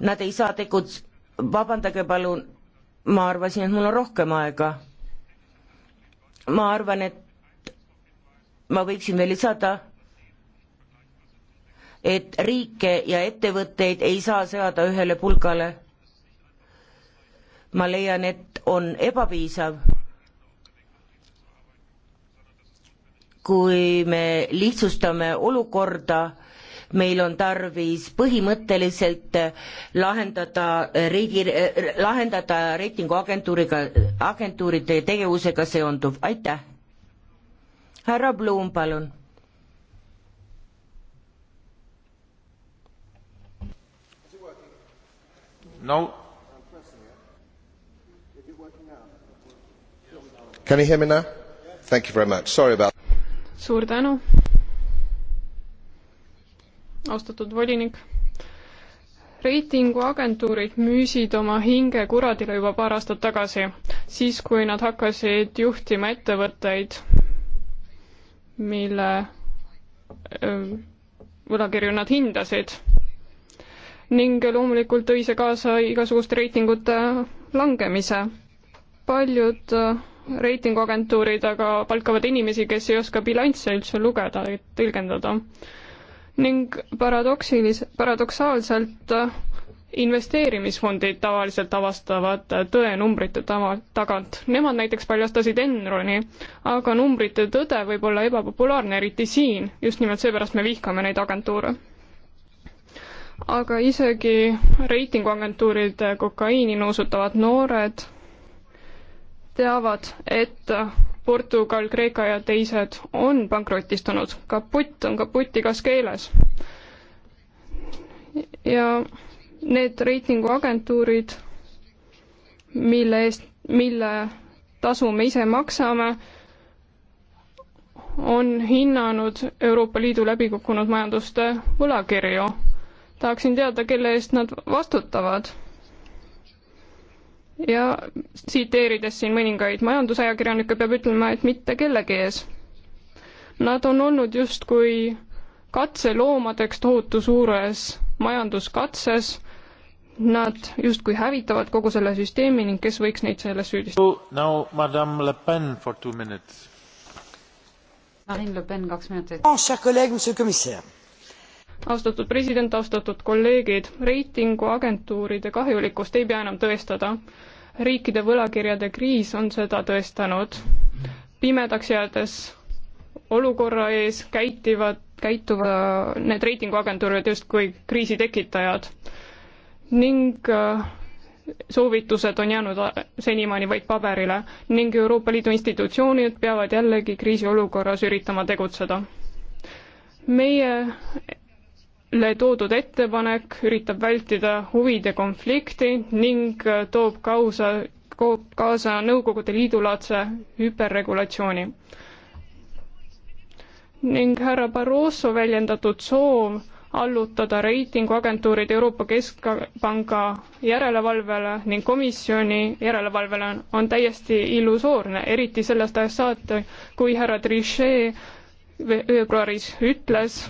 nad ei saa tegut-, vabandage palun, ma arvasin, et mul on rohkem aega. ma arvan, et ma võiksin veel lisada et riike ja ettevõtteid ei saa seada ühele pulgale ma leian, et on ebapiisav, kui me lihtsustame olukorda, meil on tarvis põhimõtteliselt lahendada riigi, lahendada reitinguagentuuriga, agentuuride tegevusega seonduv, aitäh. härra Blum, palun. no Can you hear me now? Thank you very much. Sorry about suur tänu, austatud volinik. reitinguagentuurid müüsid oma hinge kuradile juba paar aastat tagasi, siis kui nad hakkasid juhtima ettevõtteid, mille võlakirju nad hindasid. ning loomulikult tõi see kaasa igasuguste reitingute langemise. paljud reitinguagentuurid aga palkavad inimesi, kes ei oska bilansse üldse lugeda ja tõlgendada. ning paradoksilise, paradoksaalselt äh, investeerimisfondid tavaliselt avastavad äh, tõe numbrite tava, tagant. Nemad näiteks paljastasid Enroni, aga numbrite tõde võib olla ebapopulaarne, eriti siin, just nimelt seepärast me vihkame neid agentuure aga isegi reitinguagentuurid äh, kokaiini nuusutavad noored teavad, et Portugal, Kreeka ja teised on pankrotistunud. kaputt on kaputt igas keeles. ja need reitinguagentuurid, mille eest, mille tasu me ise maksame, on hinnanud Euroopa Liidu läbikukkunud majanduste võlakirju. tahaksin teada, kelle eest nad vastutavad ja tsiteerides siin mõningaid majandusajakirjanikke, peab ütlema, et mitte kellegi ees. Nad on olnud justkui katseloomadeks tohutu suures majanduskatses, nad justkui hävitavad kogu selle süsteemi ning kes võiks neid selles süüdistada? Marine Le Pen, kaks minutit. Oh, austatud president, austatud kolleegid, reitinguagentuuride kahjulikkust ei pea enam tõestada riikide võlakirjade kriis on seda tõestanud. pimedaks jäädes olukorra ees käitivad, käituvad need reitinguagentuurid justkui kriisi tekitajad ning äh, soovitused on jäänud äh, senimaani vaid paberile ning Euroopa Liidu institutsioonid peavad jällegi kriisiolukorras üritama tegutseda. meie le toodud ettepanek üritab vältida huvide konflikti ning toob kausa, kaasa Nõukogude Liidu laadse hüperregulatsiooni ning härra Barroso väljendatud soov allutada reitinguagentuurid Euroopa Keskpanga järelevalvele ning komisjoni järelevalvele on, on täiesti illusoorne, eriti sellest ajast saate, kui härra Trichet veebruaris ütles,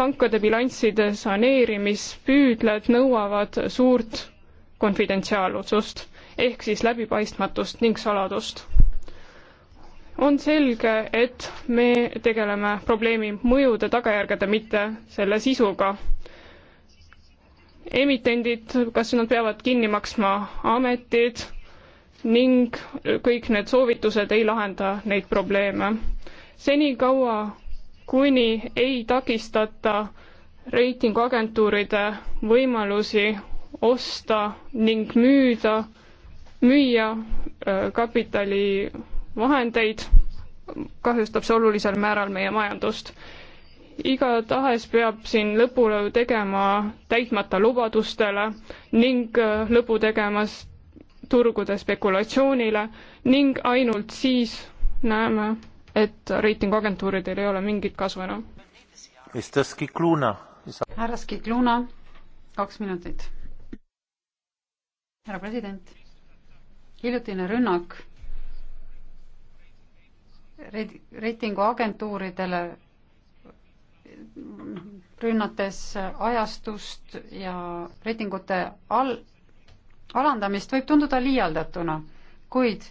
pankade bilansside saneerimispüüdled nõuavad suurt konfidentsiaalutsust ehk siis läbipaistmatust ning saladust. on selge, et me tegeleme probleemi mõjude tagajärgede, mitte selle sisuga. emitendid, kas nad peavad kinni maksma ametid ning kõik need soovitused ei lahenda neid probleeme. senikaua, kuni ei takistata reitinguagentuuride võimalusi osta ning müüda, müüa kapitalivahendeid, kahjustab see olulisel määral meie majandust. igatahes peab siin lõpule tegema täitmata lubadustele ning lõpu tegemas turgude spekulatsioonile ning ainult siis näeme et reitinguagentuuridel ei ole mingit kasu enam. härra Skikluna, kaks minutit. härra president, hiljutine rünnak reitinguagentuuridele rünnates ajastust ja reitingute all, alandamist võib tunduda liialdatuna, kuid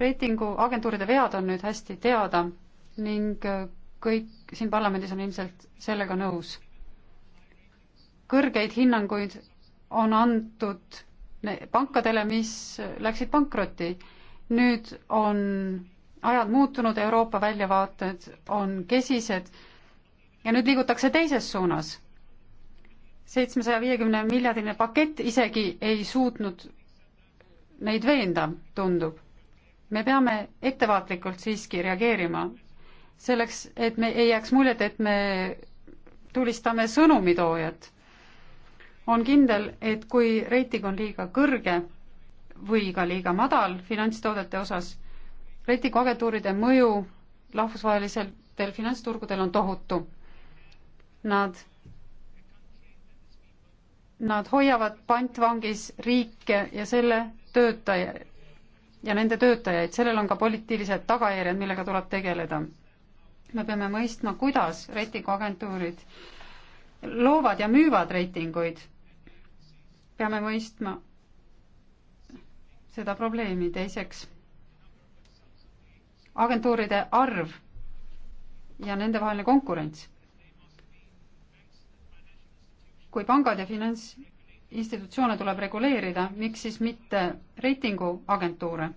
reitinguagentuuride vead on nüüd hästi teada ning äh, kõik siin parlamendis on ilmselt sellega nõus. kõrgeid hinnanguid on antud pankadele, mis läksid pankrotti. nüüd on ajad muutunud, Euroopa väljavaated on kesised ja nüüd liigutakse teises suunas. seitsmesaja viiekümne miljardine pakett isegi ei suutnud neid veenda, tundub me peame ettevaatlikult siiski reageerima, selleks et me ei jääks muljet, et me tulistame sõnumitoojat. on kindel, et kui reiting on liiga kõrge või ka liiga madal finantstoodete osas, reitinguagentuuride mõju rahvusvahelisetel finantsturgudel on tohutu. Nad, nad hoiavad pantvangis riike ja selle töötajaid ja nende töötajaid, sellel on ka poliitilised tagajärjed, millega tuleb tegeleda. me peame mõistma, kuidas reitinguagentuurid loovad ja müüvad reitinguid. peame mõistma seda probleemi, teiseks agentuuride arv ja nendevaheline konkurents. kui pangad ja finants institutsioone tuleb reguleerida, miks siis mitte reitinguagentuure,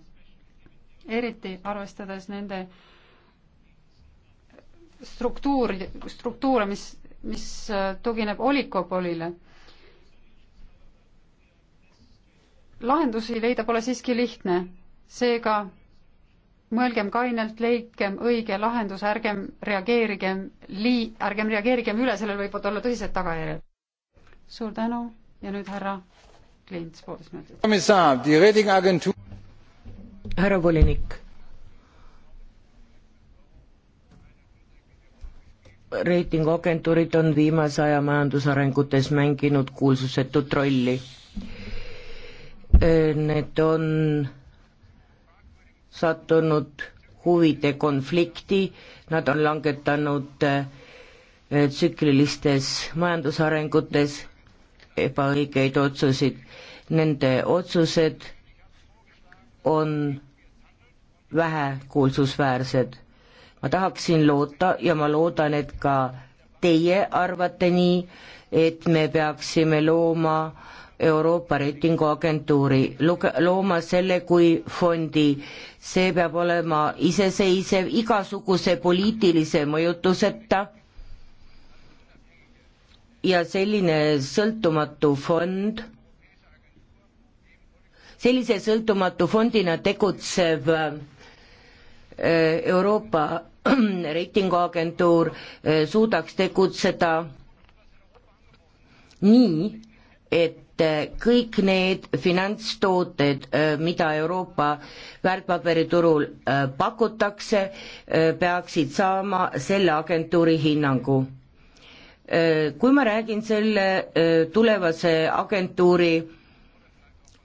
eriti arvestades nende struktuuri, struktuure, mis, mis äh, tugineb olikopolile. lahendusi leida pole siiski lihtne, seega mõelgem kainelt, leidkem õige lahendus, ärgem reageerigem lii-, ärgem reageerigem üle, sellel võivad olla tõsised tagajärjed. suur tänu! ja nüüd härra Klints, poolteist minutit. härra volinik. reitinguagentuurid on viimase aja majandusarengutes mänginud kuulsusetut rolli. Need on sattunud huvide konflikti, nad on langetanud eh, tsüklilistes majandusarengutes ebaõigeid otsuseid. Nende otsused on vähekuulsusväärsed. ma tahaksin loota ja ma loodan, et ka teie arvate nii, et me peaksime looma Euroopa reitinguagentuuri, looma selle kui fondi. see peab olema iseseisev igasuguse poliitilise mõjutuseta ja selline sõltumatu fond, sellise sõltumatu fondina tegutsev äh, Euroopa reitinguagentuur äh, suudaks tegutseda nii, et äh, kõik need finantstooted, mida Euroopa väärtpaberiturul pakutakse, peaksid saama selle agentuuri hinnangu Äh, kui ma räägin selle äh, tulevase agentuuri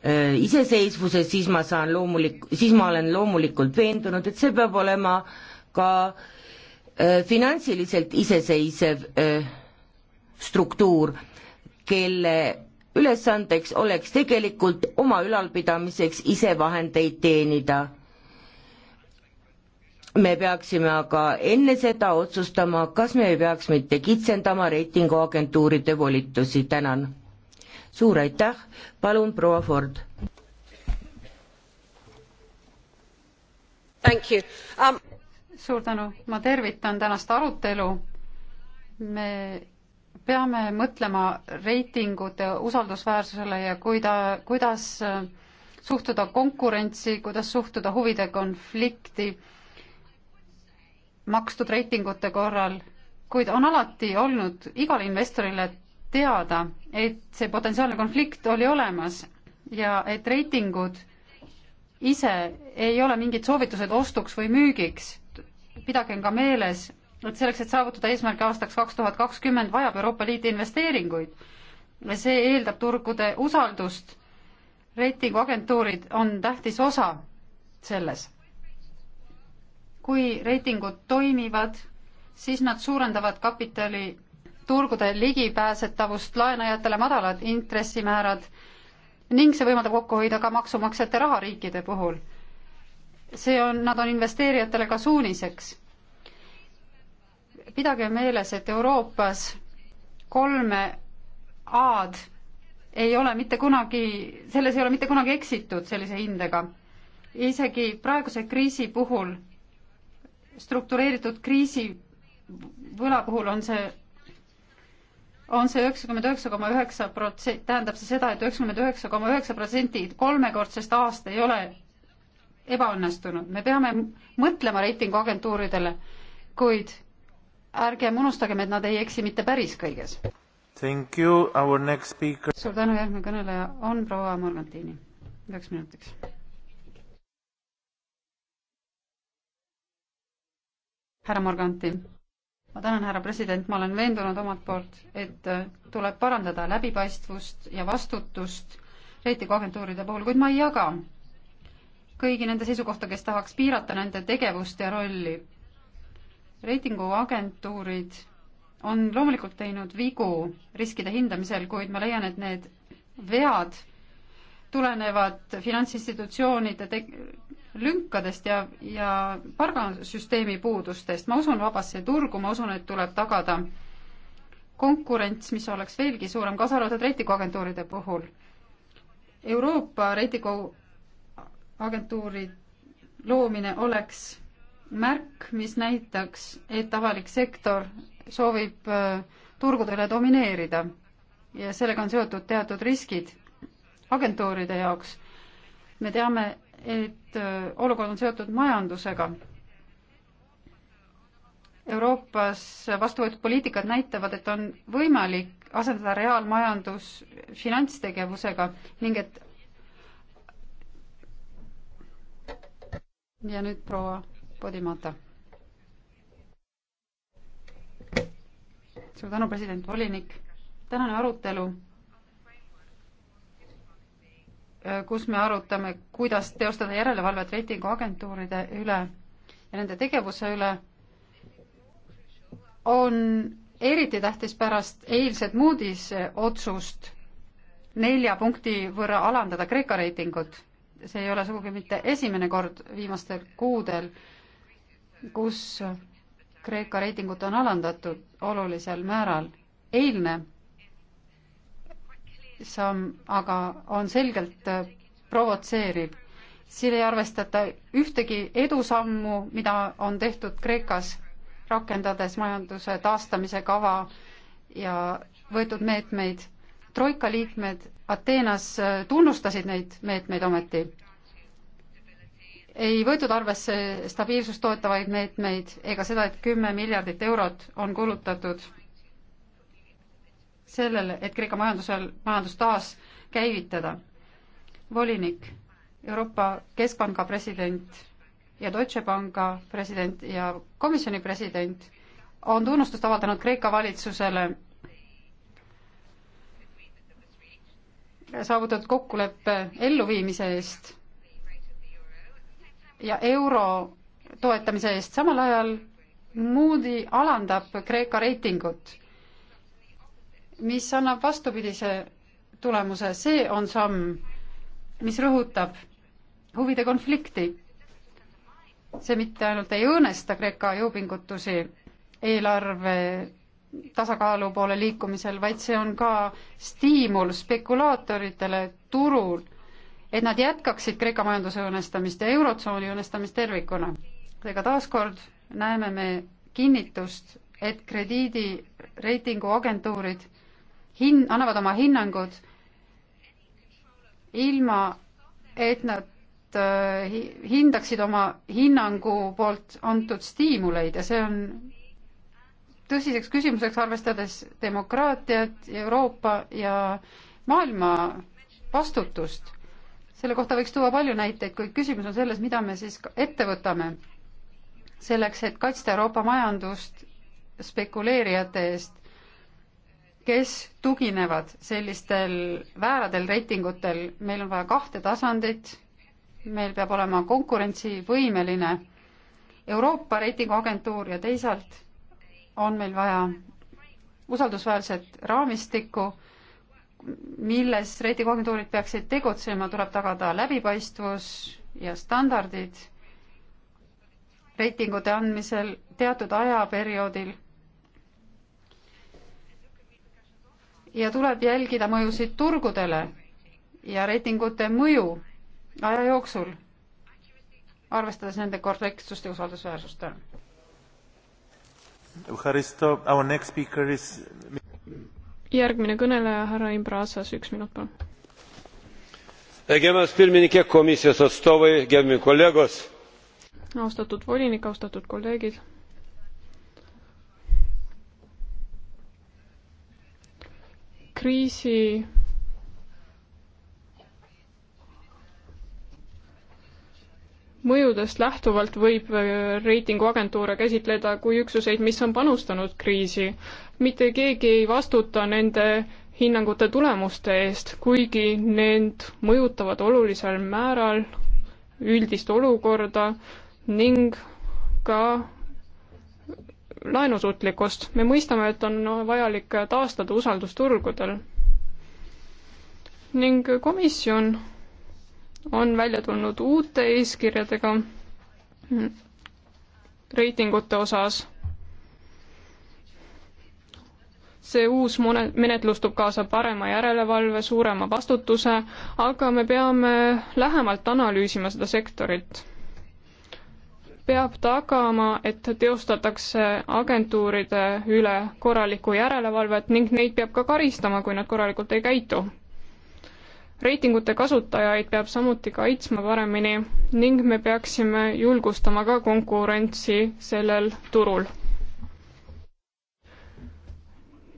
äh, iseseisvusest, siis ma saan loomulik-, siis ma olen loomulikult veendunud, et see peab olema ka finantsiliselt iseseisev struktuur, kelle ülesandeks oleks tegelikult oma ülalpidamiseks ise vahendeid teenida me peaksime aga enne seda otsustama, kas me ei peaks mitte kitsendama reitinguagentuuride volitusi, tänan. suur aitäh, palun proua Ford. Um... suur tänu, ma tervitan tänast arutelu. me peame mõtlema reitingute usaldusväärsusele ja kuida-, kuidas äh, suhtuda konkurentsi, kuidas suhtuda huvide konflikti makstud reitingute korral, kuid on alati olnud igale investorile teada, et see potentsiaalne konflikt oli olemas ja et reitingud ise ei ole mingid soovitused ostuks või müügiks. pidagem ka meeles, et selleks, et saavutada eesmärk aastaks kaks tuhat kakskümmend, vajab Euroopa Liit investeeringuid. see eeldab turgude usaldust. reitinguagentuurid on tähtis osa selles kui reitingud toimivad, siis nad suurendavad kapitali turgude ligipääsetavust, laenajatele madalad intressimäärad ning see võimaldab kokku hoida ka maksumaksjate raha riikide puhul. see on, nad on investeerijatele ka suuniseks. pidage meeles, et Euroopas kolme A-d ei ole mitte kunagi, selles ei ole mitte kunagi eksitud sellise hindega. isegi praeguse kriisi puhul struktureeritud kriisi võla puhul on see on see üheksakümmend üheksa koma üheksa protsenti, tähendab see seda et, et üheksakümmend üheksa koma üheksa protsenti kolmekordsest aasta ei ole ebaõnnestunud. me peame mõtlema reitinguagentuuridele, kuid ärgem unustagem, et nad ei eksi mitte päris kõiges. Thank you, our next speaker. suur tänu, järgmine kõneleja on proua Morgantini, üheks minutiks härra Morganti. ma tänan, härra president, ma olen veendunud omalt poolt, et tuleb parandada läbipaistvust ja vastutust reitinguagentuuride puhul, kuid ma ei jaga kõigi nende seisukohta, kes tahaks piirata nende tegevust ja rolli. reitinguagentuurid on loomulikult teinud vigu riskide hindamisel, kuid ma leian, et need vead tulenevad finantsinstitutsioonide te-, lünkadest ja, ja pargasüsteemi puudustest. ma usun vabasse turgu, ma usun, et tuleb tagada konkurents, mis oleks veelgi suurem, kaasa arvatud reitinguagentuuride puhul. Euroopa reitinguagentuuri loomine oleks märk, mis näitaks, et avalik sektor soovib äh, turgudele domineerida ja sellega on seotud teatud riskid agentuuride jaoks. me teame, et äh, olukord on seotud majandusega. Euroopas vastu võetud poliitikad näitavad, et on võimalik asendada reaalmajandus finantstegevusega ning et ja nüüd proua Podimata. suur tänu, president, volinik. tänane arutelu Äh, kus me arutame, kuidas teostada järelevalvet reitinguagentuuride üle ja nende tegevuse üle, on eriti tähtis pärast eilset Moody's otsust nelja punkti võrra alandada Kreeka reitingut. see ei ole sugugi mitte esimene kord viimastel kuudel, kus Kreeka reitingut on alandatud olulisel määral. eilne samm aga on selgelt äh, provotseeriv. siin ei arvestata ühtegi edusammu, mida on tehtud Kreekas, rakendades majanduse taastamise kava ja võetud meetmeid. troika liikmed Ateenas äh, tunnustasid neid meetmeid ometi. ei võetud arvesse stabiilsust toetavaid meetmeid ega seda, et kümme miljardit eurot on kulutatud sellele, et Kreeka majandusel, majandus taas käivitada. volinik, Euroopa Keskpanga president ja Deutsche Panga president ja komisjoni president on tunnustust avaldanud Kreeka valitsusele saavutatud kokkuleppe elluviimise eest ja euro toetamise eest, samal ajal Moody alandab Kreeka reitingut mis annab vastupidise tulemuse, see on samm, mis rõhutab huvide konflikti. see mitte ainult ei õõnesta Kreeka jõupingutusi eelarve tasakaalu poole liikumisel, vaid see on ka stiimul spekulaatoritele turul, et nad jätkaksid Kreeka majanduse õõnestamist ja Eurotsooni õõnestamist tervikuna. seega taaskord näeme me kinnitust, et krediidireitinguagentuurid hin-, annavad oma hinnangud ilma, et nad äh, hindaksid oma hinnangu poolt antud stiimuleid ja see on tõsiseks küsimuseks, arvestades demokraatiat, Euroopa ja maailma vastutust. selle kohta võiks tuua palju näiteid, kuid küsimus on selles, mida me siis ette võtame selleks, et kaitsta Euroopa majandust spekuleerijate eest kes tuginevad sellistel vääradel reitingutel, meil on vaja kahte tasandit, meil peab olema konkurentsivõimeline Euroopa reitinguagentuur ja teisalt on meil vaja usaldusväärset raamistikku, milles reitinguagentuurid peaksid tegutsema, tuleb tagada läbipaistvus ja standardid reitingute andmisel teatud ajaperioodil ja tuleb jälgida mõjusid turgudele ja reitingute mõju aja jooksul, arvestades nende korrektsust ja usaldusväärsust. järgmine kõneleja, härra Imbra Asas, üks minut palun. Gerbiamas pirmininkė, komisijos atstovai, gerbiami kolegos. austatud volinik, austatud kolleegid kriisi mõjudest lähtuvalt võib äh, reitinguagentuure käsitleda kui üksuseid, mis on panustanud kriisi. mitte keegi ei vastuta nende hinnangute tulemuste eest, kuigi need mõjutavad olulisel määral üldist olukorda ning ka laenusuutlikkust. me mõistame, et on vajalik taastada usaldus turgudel. ning komisjon on välja tulnud uute eeskirjadega reitingute osas. see uus mone-, menetlus toob kaasa parema järelevalve, suurema vastutuse, aga me peame lähemalt analüüsima seda sektorit peab tagama, et teostatakse agentuuride üle korralikku järelevalvet ning neid peab ka karistama, kui nad korralikult ei käitu. reitingute kasutajaid peab samuti kaitsma paremini ning me peaksime julgustama ka konkurentsi sellel turul.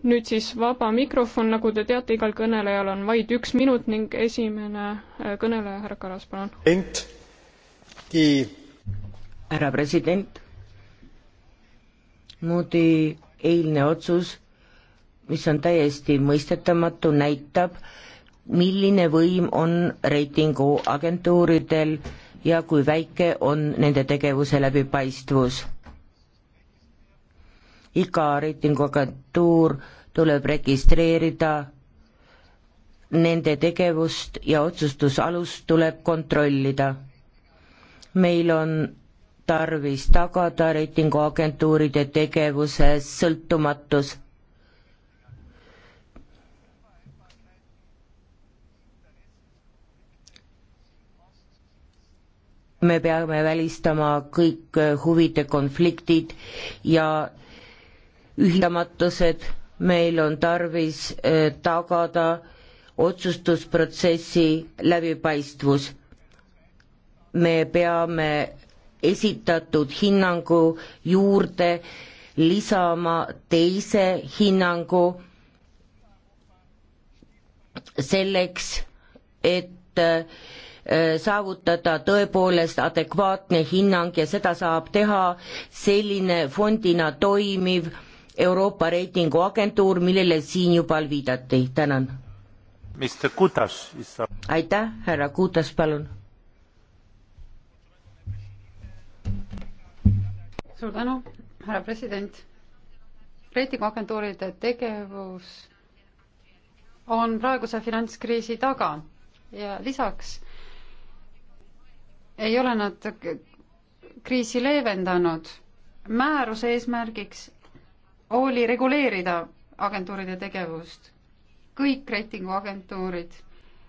nüüd siis vaba mikrofon, nagu te teate, igal kõnelejal on vaid üks minut ning esimene kõneleja, härra Karas, palun. ent, ki härra president, Moodi eilne otsus, mis on täiesti mõistetamatu, näitab, milline võim on reitinguagentuuridel ja kui väike on nende tegevuse läbipaistvus. iga reitinguagentuur tuleb registreerida, nende tegevust ja otsustusalust tuleb kontrollida. meil on tarvis tagada reitinguagentuuride tegevuse sõltumatus. me peame välistama kõik huvide konfliktid ja ühildamatused, meil on tarvis eh, tagada otsustusprotsessi läbipaistvus. me peame esitatud hinnangu juurde lisama teise hinnangu selleks, et äh, saavutada tõepoolest adekvaatne hinnang ja seda saab teha selline fondina toimiv Euroopa reitinguagentuur, millele siin juba viidati, tänan. aitäh, härra Kutas, palun suur tänu, härra president. reitinguagentuuride tegevus on praeguse finantskriisi taga ja lisaks ei ole nad kriisi leevendanud. määruse eesmärgiks oli reguleerida agentuuride tegevust. kõik reitinguagentuurid,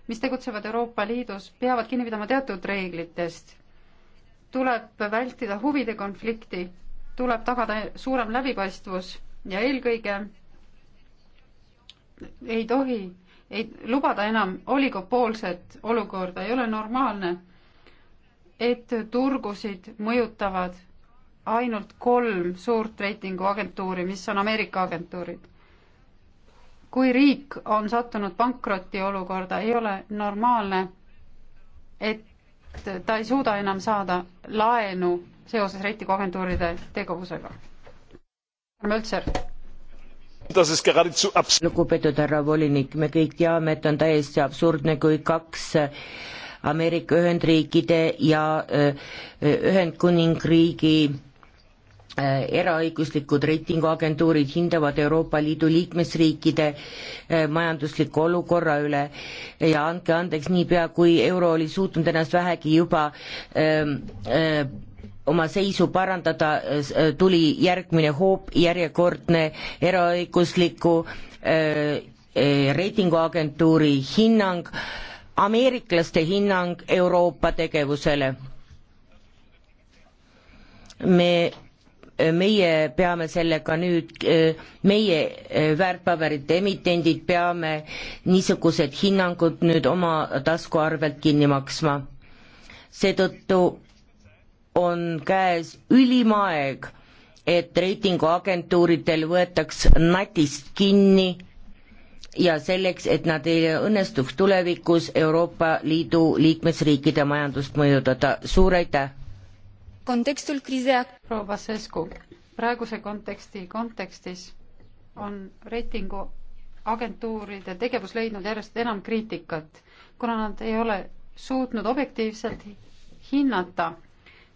mis tegutsevad Euroopa Liidus, peavad kinni pidama teatud reeglitest tuleb vältida huvide konflikti, tuleb tagada suurem läbipaistvus ja eelkõige ei tohi, ei lubada enam oligopoolset olukorda, ei ole normaalne, et turgusid mõjutavad ainult kolm suurt reitinguagentuuri, mis on Ameerika agentuurid. kui riik on sattunud pankrotiolukorda, ei ole normaalne, et ta ei suuda enam saada laenu seoses reitinguagentuuride tegevusega. Möltser. lugupeetud härra volinik, me kõik teame, et on täiesti absurdne, kui kaks äh, Ameerika Ühendriikide ja äh, Ühendkuningriigi Äh, eraõiguslikud reitinguagentuurid hindavad Euroopa Liidu liikmesriikide äh, majandusliku olukorra üle ja andke andeks, niipea kui euro oli suutnud ennast vähegi juba öö, ähm, öö, äh, oma seisu parandada, tuli järgmine hoop, järjekordne eraõigusliku reitinguagentuuri hinnang, ameeriklaste hinnang Euroopa tegevusele. me meie peame sellega nüüd, meie väärtpaberite emitendid peame niisugused hinnangud nüüd oma tasku arvelt kinni maksma. seetõttu on käes ülim aeg, et reitinguagentuuridel võetaks natist kinni ja selleks, et nad ei õnnestuks tulevikus Euroopa Liidu liikmesriikide majandust mõjutada. suur aitäh! contextul crizei proua Basescu, praeguse konteksti kontekstis on reitinguagentuuride tegevus leidnud järjest enam kriitikat, kuna nad ei ole suutnud objektiivselt hinnata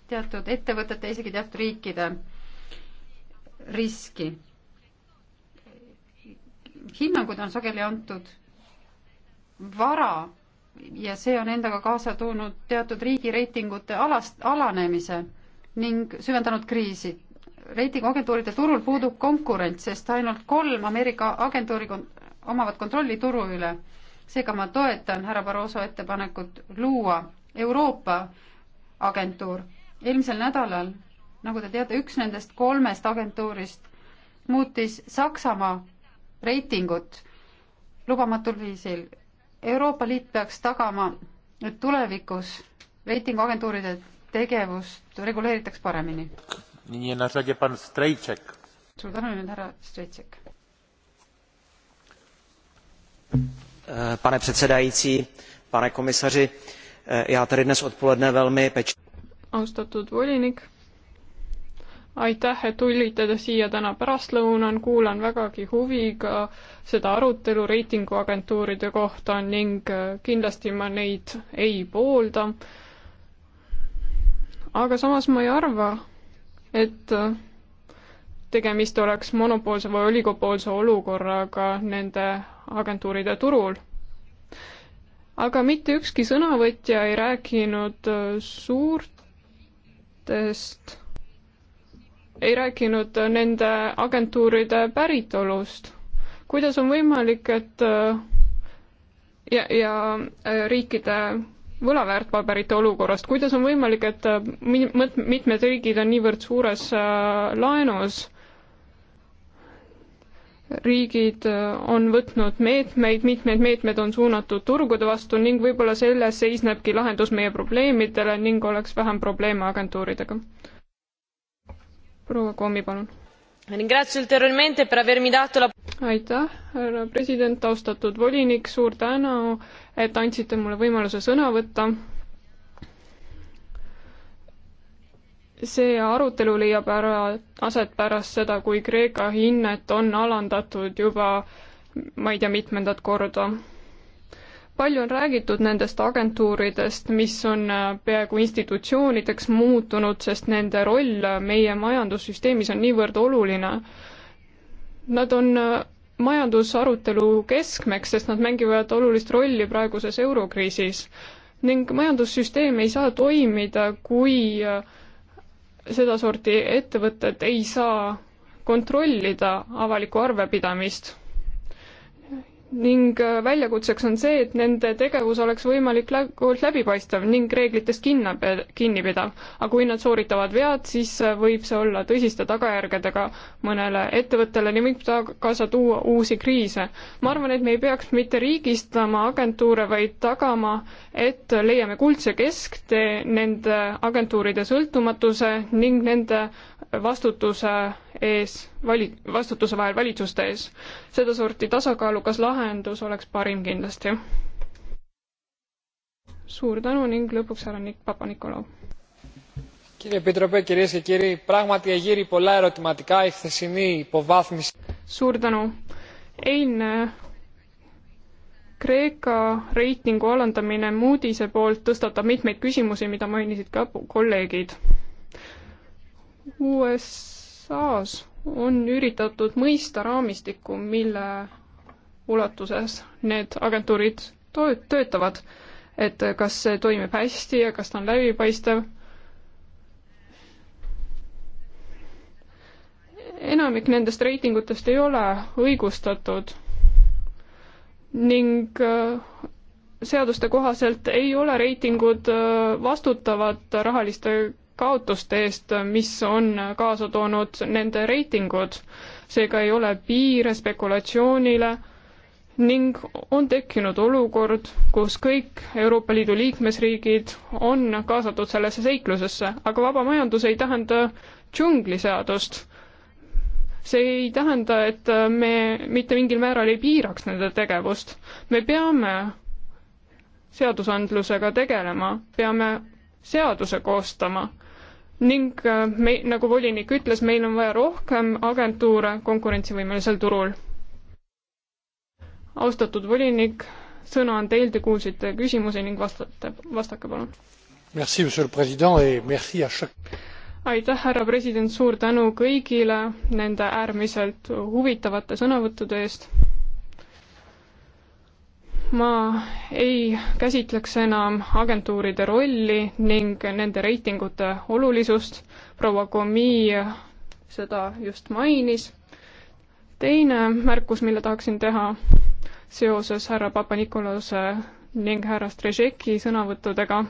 teatud ettevõtete, isegi teatud riikide riski. hinnangud on sageli antud vara ja see on endaga kaasa toonud teatud riigireitingute alast, alanemise ning süvendanud kriisi. reitinguagentuuride turul puudub konkurents, sest ainult kolm Ameerika agentuuri kon-, omavad kontrolli turu üle. seega ma toetan härra Barroso ettepanekut luua Euroopa agentuur. eelmisel nädalal, nagu te teate, üks nendest kolmest agentuurist muutis Saksamaa reitingut lubamatul viisil Euroopa Liit peaks tagama, et tulevikus reitinguagentuuride tegevust reguleeritaks paremini. suur tänu nüüd, härra Strejček. Eh, pane předsedající, pane komisaři, eh, já tady dnes odpoledne velmi peč-. austatud volinik aitäh, et tulite te siia täna pärastlõunal, kuulan vägagi huviga seda arutelu reitinguagentuuride kohta ning äh, kindlasti ma neid ei poolda. aga samas ma ei arva, et äh, tegemist oleks monopoolse või oligopoolse olukorraga nende agentuuride turul. aga mitte ükski sõnavõtja ei rääkinud äh, suurtest ei rääkinud nende agentuuride päritolust. kuidas on võimalik, et äh, ja, ja äh, riikide võlaväärtpaberite olukorrast, kuidas on võimalik, et äh, mitmed riigid on niivõrd suures laenus? riigid on võtnud meetmeid, mitmed meetmed on suunatud turgude vastu ning võib-olla selles seisnebki lahendus meie probleemidele ning oleks vähem probleeme agentuuridega proua Komi, palun. aitäh, härra president, austatud volinik, suur tänu, et andsite mulle võimaluse sõna võtta. see arutelu leiab ära aset pärast seda, kui Kreeka hinnet on alandatud juba ma ei tea, mitmendat korda palju on räägitud nendest agentuuridest, mis on äh, peaaegu institutsioonideks muutunud, sest nende roll meie majandussüsteemis on niivõrd oluline. Nad on äh, majandusarutelu keskmeks, sest nad mängivad olulist rolli praeguses eurokriisis ning majandussüsteem ei saa toimida, kui äh, sedasorti ettevõtted ei saa kontrollida avalikku arvepidamist ning äh, väljakutseks on see, et nende tegevus oleks võimalikult läbipaistev ning reeglitest kinna, kinnipidav. aga kui nad sooritavad vead, siis äh, võib see olla tõsiste tagajärgedega mõnele ettevõttele ning võib ta kaasa tuua uusi kriise. ma arvan, et me ei peaks mitte riigistama agentuure, vaid tagama, et leiame kuldse kesktee nende agentuuride sõltumatuse ning nende vastutuse ees, vali-, vastutuse vahel valitsuste ees. sedasorti tasakaalukas lahendus oleks parim kindlasti. suur tänu ning lõpuks härra Nik-, Papa-Nikolau. Κύριε Επίτροπε, κυρίες και κύριοι, πράγματι εγείρει πολλά ερωτηματικά η χθεσινή υποβάθμιση. Suur tänu. Eilne Kreeka reitingu alandamine Moody'se poolt tõstatab mitmeid küsimusi, mida mainisid ka kolleegid USA-s on üritatud mõista raamistikku, mille ulatuses need agentuurid to-, töötavad, et kas see toimib hästi ja kas ta on läbipaistev. enamik nendest reitingutest ei ole õigustatud ning äh, seaduste kohaselt ei ole reitingud äh, vastutavad rahaliste kaotuste eest, mis on kaasa toonud nende reitingud. seega ei ole piire spekulatsioonile ning on tekkinud olukord, kus kõik Euroopa Liidu liikmesriigid on kaasatud sellesse seiklusesse, aga vaba majandus ei tähenda džungliseadust. see ei tähenda, et me mitte mingil määral ei piiraks nende tegevust. me peame seadusandlusega tegelema, peame seaduse koostama ning äh, me, nagu volinik ütles, meil on vaja rohkem agentuure konkurentsivõimelisel turul. austatud volinik, sõna on teil, te kuulsite küsimusi ning vastate, vastake palun. Merci, monsieur le president et merci à chaque aitäh, härra president, suur tänu kõigile nende äärmiselt huvitavate sõnavõttude eest ma ei käsitleks enam agentuuride rolli ning nende reitingute olulisust, proua Komi seda just mainis. teine märkus, mille tahaksin teha seoses härra Papa-Nikolase ning härra Strežeki sõnavõttudega,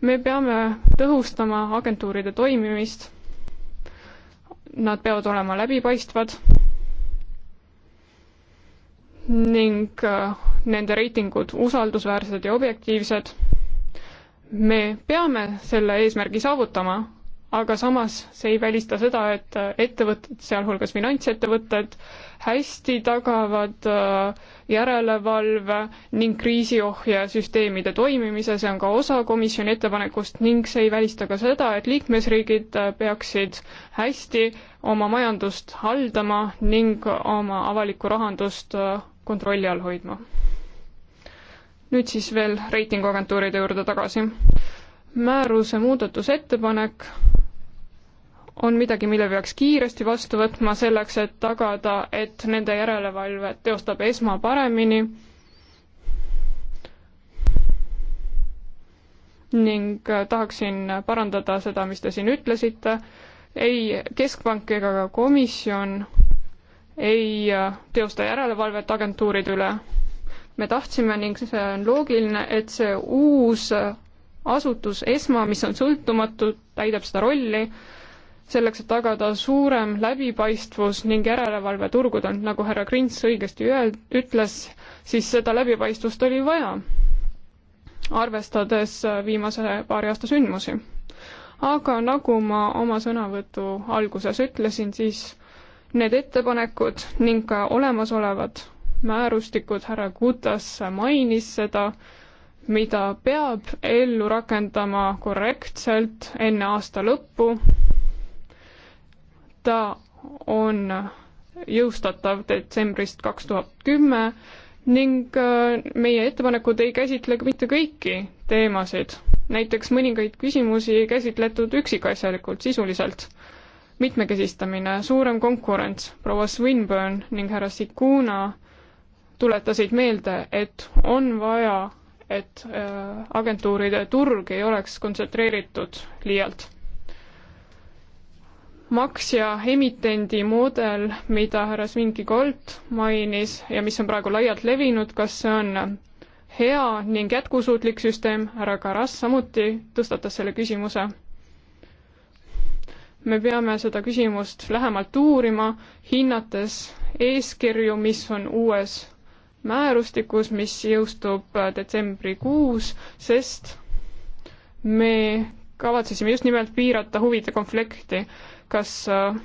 me peame tõhustama agentuuride toimimist, nad peavad olema läbipaistvad ning äh, nende reitingud usaldusväärsed ja objektiivsed. me peame selle eesmärgi saavutama, aga samas see ei välista seda, et äh, ettevõtted, sealhulgas finantsettevõtted, hästi tagavad äh, järelevalve ning kriisiohjesüsteemide toimimise, see on ka osa komisjoni ettepanekust ning see ei välista ka seda, et liikmesriigid äh, peaksid hästi oma majandust haldama ning oma avalikku rahandust kontrolli all hoidma. nüüd siis veel reitinguagentuuride juurde tagasi. määruse muudatusettepanek on midagi, mille peaks kiiresti vastu võtma selleks, et tagada, et nende järelevalvet teostab esma paremini ning äh, tahaksin parandada seda, mis te siin ütlesite, ei Keskpank ega ka komisjon ei äh, teosta järelevalvet agentuuride üle. me tahtsime ning see on loogiline, et see uus äh, asutus, ESMA, mis on sõltumatu, täidab seda rolli, selleks, et tagada suurem läbipaistvus ning järelevalve turgudel, nagu härra Krints õigesti ütles, siis seda läbipaistvust oli vaja, arvestades äh, viimase paari aasta sündmusi. aga nagu ma oma sõnavõtu alguses ütlesin, siis need ettepanekud ning ka olemasolevad määrustikud, härra Kutas mainis seda, mida peab ellu rakendama korrektselt enne aasta lõppu ta on jõustatav detsembrist kaks tuhat kümme ning äh, meie ettepanekud ei käsitle mitte kõiki teemasid. näiteks mõningaid küsimusi ei käsitletud üksikasjalikult, sisuliselt. mitmekesistamine, suurem konkurents, proua Swinburne ning härra Sikuna tuletasid meelde, et on vaja, et äh, agentuuride turg ei oleks kontsentreeritud liialt maksja emitendi mudel, mida härra Svinki Kolt mainis ja mis on praegu laialt levinud, kas see on hea ning jätkusuutlik süsteem, härra Karas samuti tõstatas selle küsimuse. me peame seda küsimust lähemalt uurima, hinnates eeskirju, mis on uues määrustikus, mis jõustub detsembrikuus, sest me kavatsesime just nimelt piirata huvide konflikti kas äh,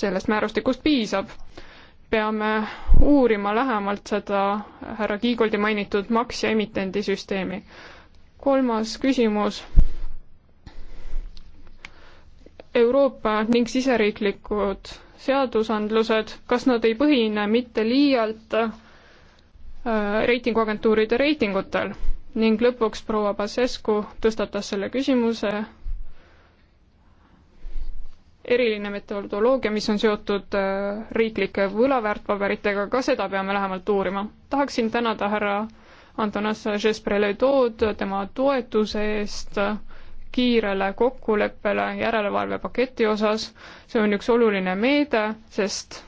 sellest määrustikust piisab. peame uurima lähemalt seda härra Kiigoldi mainitud maksja emitendi süsteemi. kolmas küsimus. Euroopa ning siseriiklikud seadusandlused, kas nad ei põhine mitte liialt äh, reitinguagentuuride reitingutel ning lõpuks proua Basescu tõstatas selle küsimuse eriline metodoloogia, mis on seotud äh, riiklike võlaväärtpaberitega, ka seda peame lähemalt uurima. tahaksin tänada härra Antonas Žespreledood tema toetuse eest äh, kiirele kokkuleppele järelevalvepaketi osas. see on üks oluline meede, sest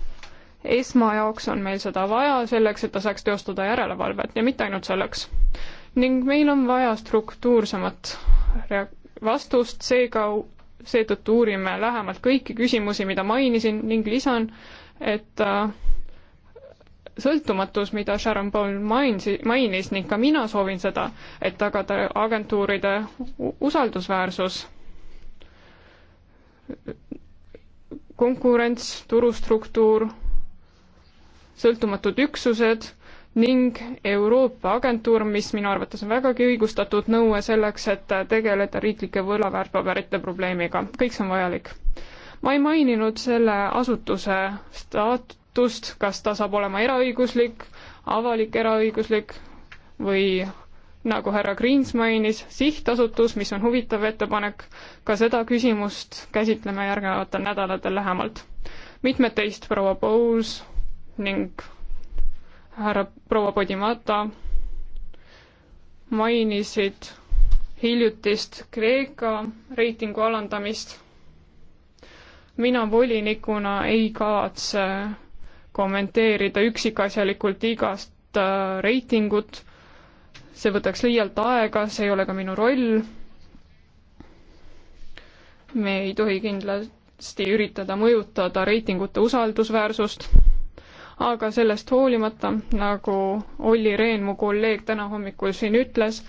esma jaoks on meil seda vaja, selleks, et ta saaks teostada järelevalvet ja mitte ainult selleks. ning meil on vaja struktuursemat rea-, vastust, seega seetõttu uurime lähemalt kõiki küsimusi, mida mainisin ning lisan, et äh, sõltumatus, mida Sharon Paul mainis, mainis ning ka mina soovin seda, et tagada agentuuride usaldusväärsus, konkurents, turustruktuur, sõltumatud üksused ning Euroopa Agentuur, mis minu arvates on vägagi õigustatud nõue selleks, et tegeleda riiklike võlaväärtpaberite probleemiga. kõik see on vajalik. ma ei maininud selle asutuse staatust, kas ta saab olema eraõiguslik, avalik eraõiguslik või nagu härra Kriins mainis, sihtasutus, mis on huvitav ettepanek, ka seda küsimust käsitleme järgnevatel nädalatel lähemalt. mitmed teist, proua Pous ning härra proua Podimata mainisid hiljutist Kreeka reitingu alandamist. mina volinikuna ei kavatse kommenteerida üksikasjalikult igast äh, reitingut, see võtaks liialt aega, see ei ole ka minu roll. me ei tohi kindlasti üritada mõjutada reitingute usaldusväärsust aga sellest hoolimata, nagu Olli Rehn, mu kolleeg, täna hommikul siin ütles,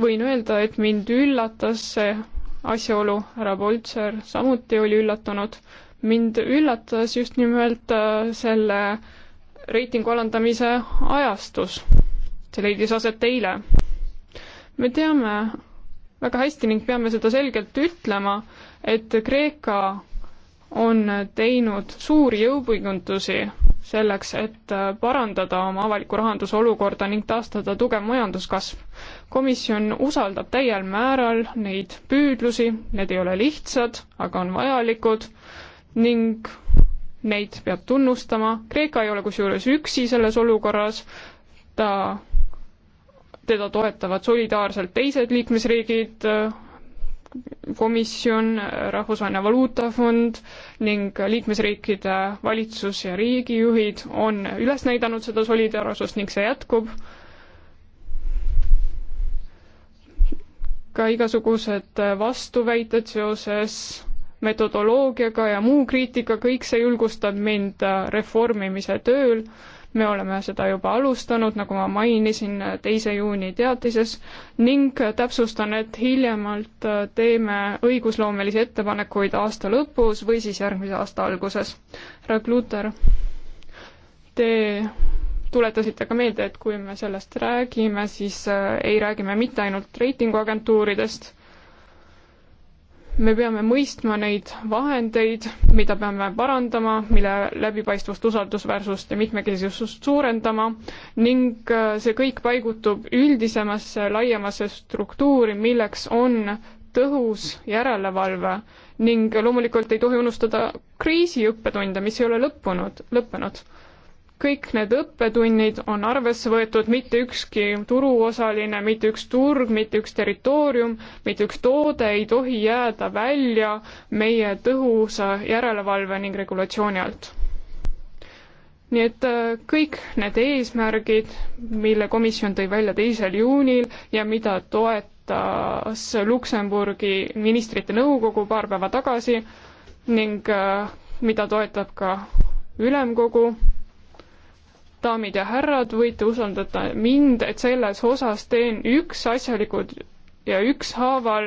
võin öelda, et mind üllatas see asjaolu, härra Boltser samuti oli üllatunud, mind üllatas just nimelt äh, selle reitingu alandamise ajastus. see leidis aset eile. me teame väga hästi ning peame seda selgelt ütlema, et Kreeka on teinud suuri jõupingutusi selleks, et parandada oma avaliku rahanduse olukorda ning taastada tugev majanduskasv. komisjon usaldab täiel määral neid püüdlusi, need ei ole lihtsad, aga on vajalikud ning neid peab tunnustama. Kreeka ei ole kusjuures üksi selles olukorras, ta, teda toetavad solidaarselt teised liikmesriigid, komisjon, Rahvusvaheline Valuutafond ning liikmesriikide valitsus ja riigijuhid on üles näidanud seda solidaarsust ning see jätkub. ka igasugused vastuväited seoses metodoloogiaga ja muu kriitika, kõik see julgustab mind reformimise tööl me oleme seda juba alustanud, nagu ma mainisin, teise juuni teatises ning täpsustan, et hiljemalt teeme õigusloomelisi ettepanekuid aasta lõpus või siis järgmise aasta alguses. härra Kluter, te tuletasite ka meelde, et kui me sellest räägime, siis äh, ei räägi me mitte ainult reitinguagentuuridest me peame mõistma neid vahendeid, mida peame parandama, mille läbipaistvust, usaldusväärsust ja mitmekesisust suurendama ning äh, see kõik paigutub üldisemasse, laiemasse struktuuri, milleks on tõhus järelevalve ning loomulikult ei tohi unustada kriisi õppetunde, mis ei ole lõppunud, lõppenud kõik need õppetunnid on arvesse võetud, mitte ükski turuosaline, mitte üks turg, mitte üks territoorium, mitte üks toode ei tohi jääda välja meie tõhusa järelevalve ning regulatsiooni alt. nii et äh, kõik need eesmärgid, mille komisjon tõi välja teisel juunil ja mida toetas Luksemburgi ministrite nõukogu paar päeva tagasi ning äh, mida toetab ka ülemkogu daamid ja härrad, võite usaldada mind, et selles osas teen üksikasjalikud ja ükshaaval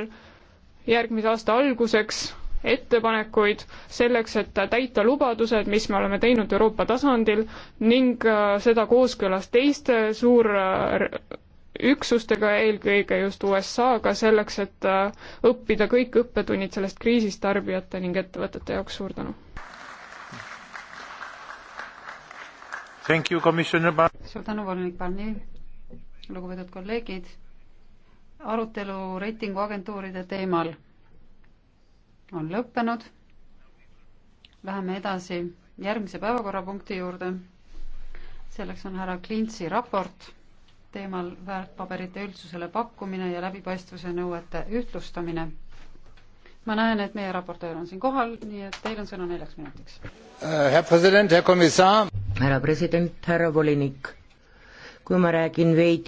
järgmise aasta alguseks ettepanekuid selleks, et täita lubadused, mis me oleme teinud Euroopa tasandil ning äh, seda kooskõlas teiste suur üksustega, eelkõige just USA-ga, selleks et äh, õppida kõik õppetunnid sellest kriisist tarbijate ning ettevõtete jaoks, suur tänu! suur tänu, volinik Barnier, lugupeetud kolleegid. arutelu reitinguagentuuride teemal on lõppenud. Läheme edasi järgmise päevakorrapunkti juurde. selleks on härra Klintsi raport teemal väärtpaberite üldsusele pakkumine ja läbipaistvuse nõuete ühtlustamine ma näen, et meie raportöör on siin kohal, nii et teil on sõna neljaks minutiks. härra äh, president, härra komisjon. härra president, härra volinik, kui ma räägin veidi